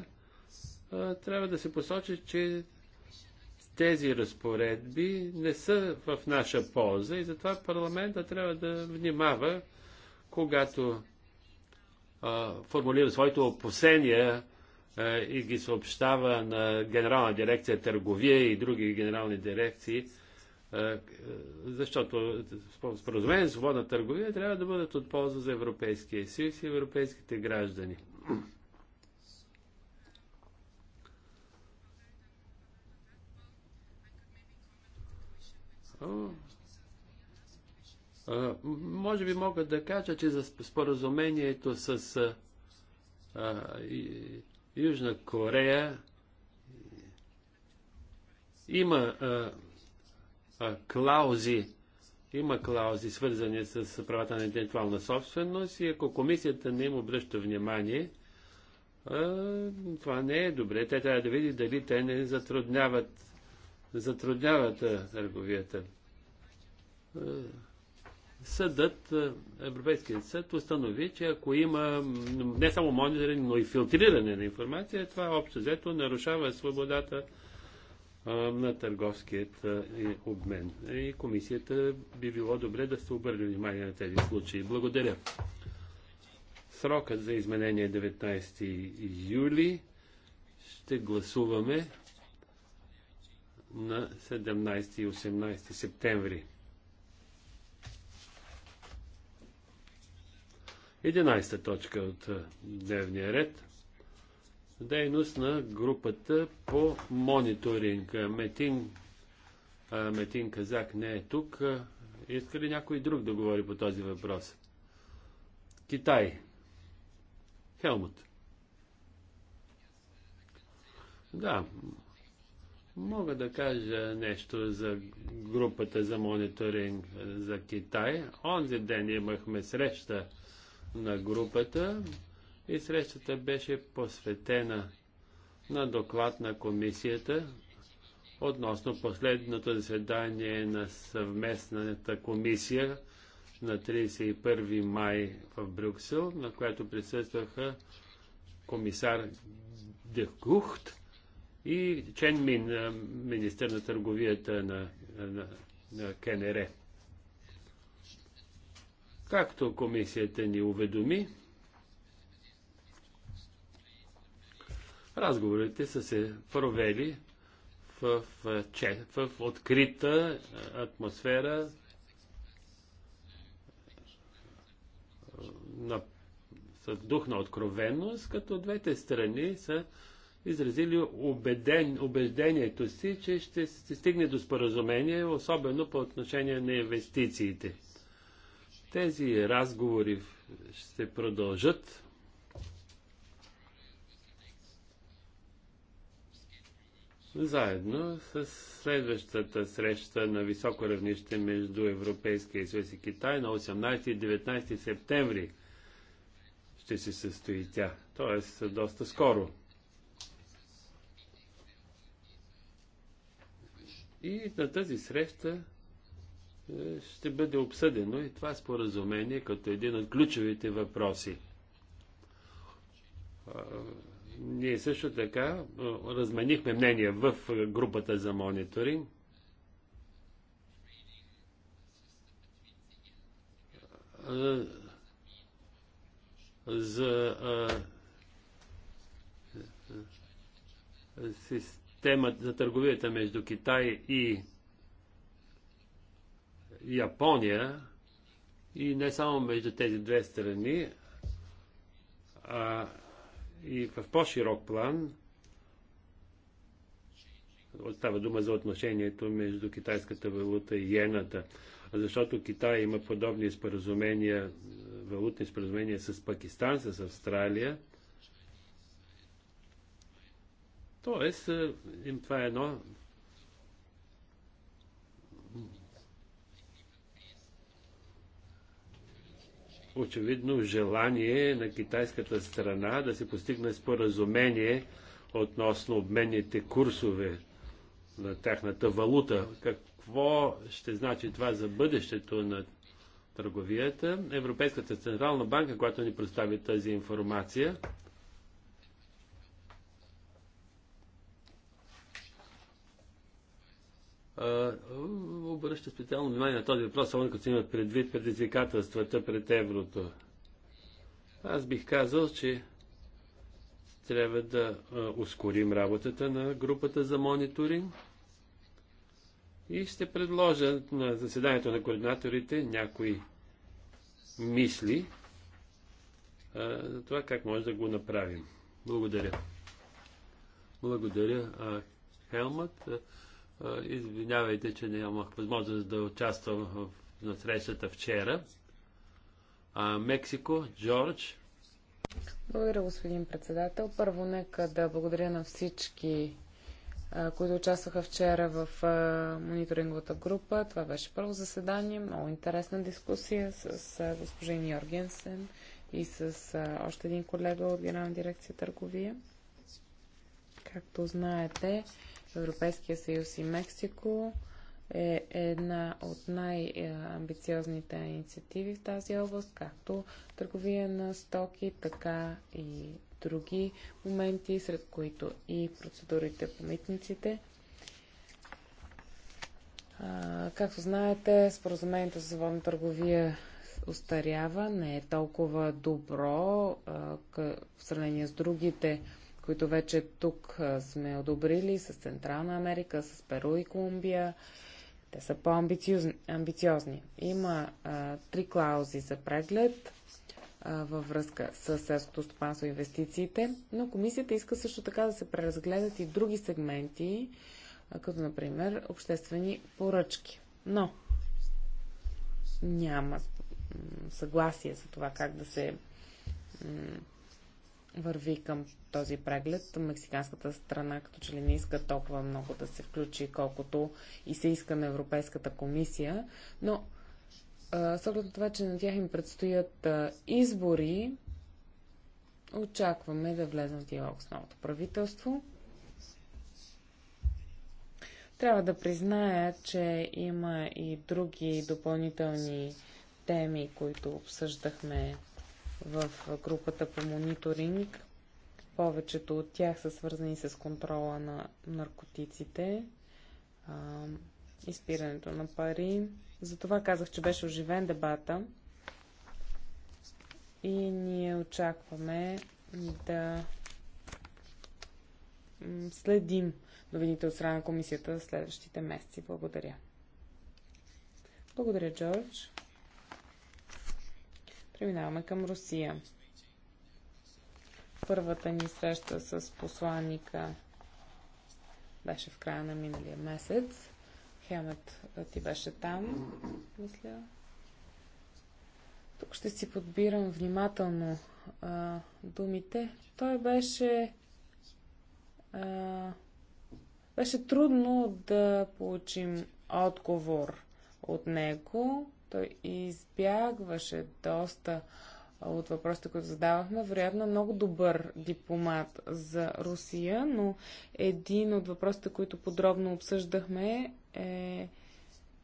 трябва да се посочи, че тези разпоредби не са в наша полза и затова парламента трябва да внимава, когато а, формулира своите опасения е, и ги съобщава на Генерална дирекция търговия и други генерални дирекции, е, защото споразумение за свободна търговия трябва да бъдат от полза за Европейския съюз и европейските граждани. Може би мога да кажа, че за споразумението с Южна Корея има а, а, клаузи, има клаузи, свързани с правата на интелектуална собственост и ако комисията не им обръща внимание, а, това не е добре. Те трябва да види дали те не затрудняват, затрудняват а, търговията съдът, е, Европейският съд установи, че ако има не само мониторинг, но и филтриране на информация, това общо взето нарушава свободата на търговският обмен. И комисията би било добре да се обърне внимание на тези случаи. Благодаря. Срокът за изменение е 19 юли. Ще гласуваме на 17 и 18 септември. 11 точка от е, дневния ред. Дейност на групата по мониторинг. Е, Метин, е, Метин Казак не е тук. Иска ли някой друг да говори по този въпрос? Китай. Хелмут. Да, мога да кажа нещо за групата за мониторинг за Китай. Онзи ден имахме среща на групата и срещата беше посветена на доклад на комисията относно последното заседание на съвместната комисия на 31 май в Брюксел, на която присъстваха комисар Дехухт и Чен Мин, министър на търговията на, на, на КНР. Както комисията ни уведоми, разговорите са се провели в, в, в, в открита атмосфера на, с дух на откровенност, като двете страни са изразили убеден, убеждението си, че ще се стигне до споразумение, особено по отношение на инвестициите. Тези разговори ще продължат. Заедно с следващата среща на високо равнище между Европейския съюз и Китай на 18 и 19 септември ще се състои тя. Тоест, доста скоро. И на тази среща ще бъде обсъдено и това споразумение като един от ключовите въпроси. Ние също така разменихме мнение в групата за мониторинг. За системата за търговията между Китай и Япония и не само между тези две страни, а и в по-широк план става дума за отношението между китайската валута и иената, защото Китай има подобни споразумения, валутни споразумения с Пакистан, с Австралия. Тоест, е, им това е едно очевидно желание на китайската страна да се постигне споразумение относно обменните курсове на тяхната валута. Какво ще значи това за бъдещето на търговията? Европейската централна банка, която ни представи тази информация, обръща специално внимание на този въпрос, само като се имат предвид предизвикателствата пред еврото. Аз бих казал, че трябва да ускорим работата на групата за мониторинг и ще предложа на заседанието на координаторите някои мисли а, за това как може да го направим. Благодаря. Благодаря, а, Хелмът. Извинявайте, че нямах възможност да участвам в, на срещата вчера. А, Мексико, Джордж. Благодаря, господин председател. Първо, нека да благодаря на всички, които участваха вчера в мониторинговата група. Това беше първо заседание, много интересна дискусия с госпожин Йоргенсен и с още един колега от Генерална дирекция търговия. Както знаете, Европейския съюз и Мексико е една от най-амбициозните инициативи в тази област, както търговия на стоки, така и други моменти, сред които и процедурите по митниците. както знаете, споразумението за свободна търговия устарява, не е толкова добро в сравнение с другите а, които вече тук сме одобрили с Централна Америка, с Перу и Колумбия. Те са по-амбициозни. Има а, три клаузи за преглед а, във връзка с селското стопанство и инвестициите, но комисията иска също така да се преразгледат и други сегменти, а, като например обществени поръчки. Но няма съгласие за това как да се върви към този преглед. Мексиканската страна като че ли не иска толкова много да се включи, колкото и се иска на Европейската комисия, но с оглед на това, че на тях им предстоят избори, очакваме да влезем в диалог с новото правителство. Трябва да призная, че има и други допълнителни теми, които обсъждахме в групата по мониторинг. Повечето от тях са свързани с контрола на наркотиците, изпирането на пари. Затова казах, че беше оживен дебата и ние очакваме да следим новините от страна на комисията в следващите месеци. Благодаря. Благодаря, Джордж. Преминаваме към Русия. Първата ни среща с посланника беше в края на миналия месец. Хемет ти беше там, мисля. Тук ще си подбирам внимателно а, думите. Той беше. А, беше трудно да получим отговор от него. Той избягваше доста от въпросите, които задавахме. Вероятно е много добър дипломат за Русия, но един от въпросите, които подробно обсъждахме е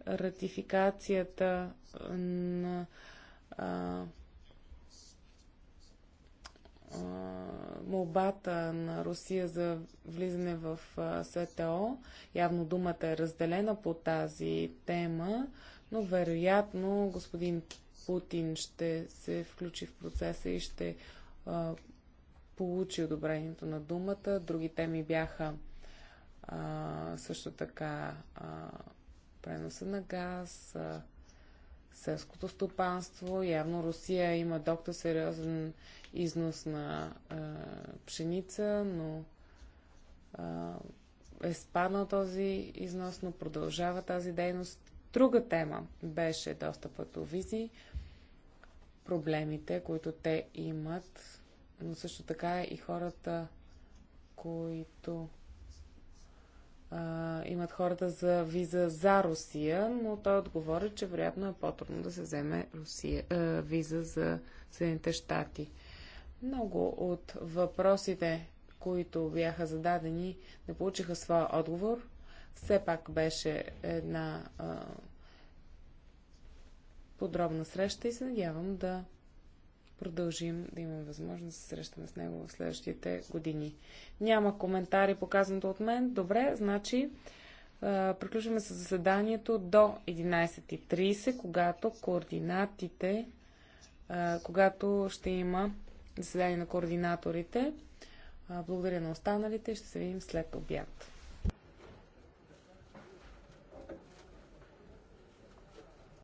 ратификацията на а, а, молбата на Русия за влизане в СТО. Явно думата е разделена по тази тема но вероятно господин Путин ще се включи в процеса и ще а, получи одобрението на думата. Други теми бяха а, също така а, преноса на газ, а, селското стопанство. Явно Русия има доктор сериозен износ на а, пшеница, но а, е спаднал този износ, но продължава тази дейност друга тема беше достъпът до визи, проблемите, които те имат, но също така и хората, които а, имат хората за виза за Русия, но той отговори, че вероятно е по-трудно да се вземе Русия, а, виза за Съединените щати. Много от въпросите, които бяха зададени, не получиха своя отговор, все пак беше една а, подробна среща и се надявам да продължим да имаме възможност да се срещаме с него в следващите години. Няма коментари казаното от мен. Добре, значи а, приключваме с заседанието до 11.30, когато координатите, а, когато ще има заседание на координаторите. Благодаря на останалите и ще се видим след обяд.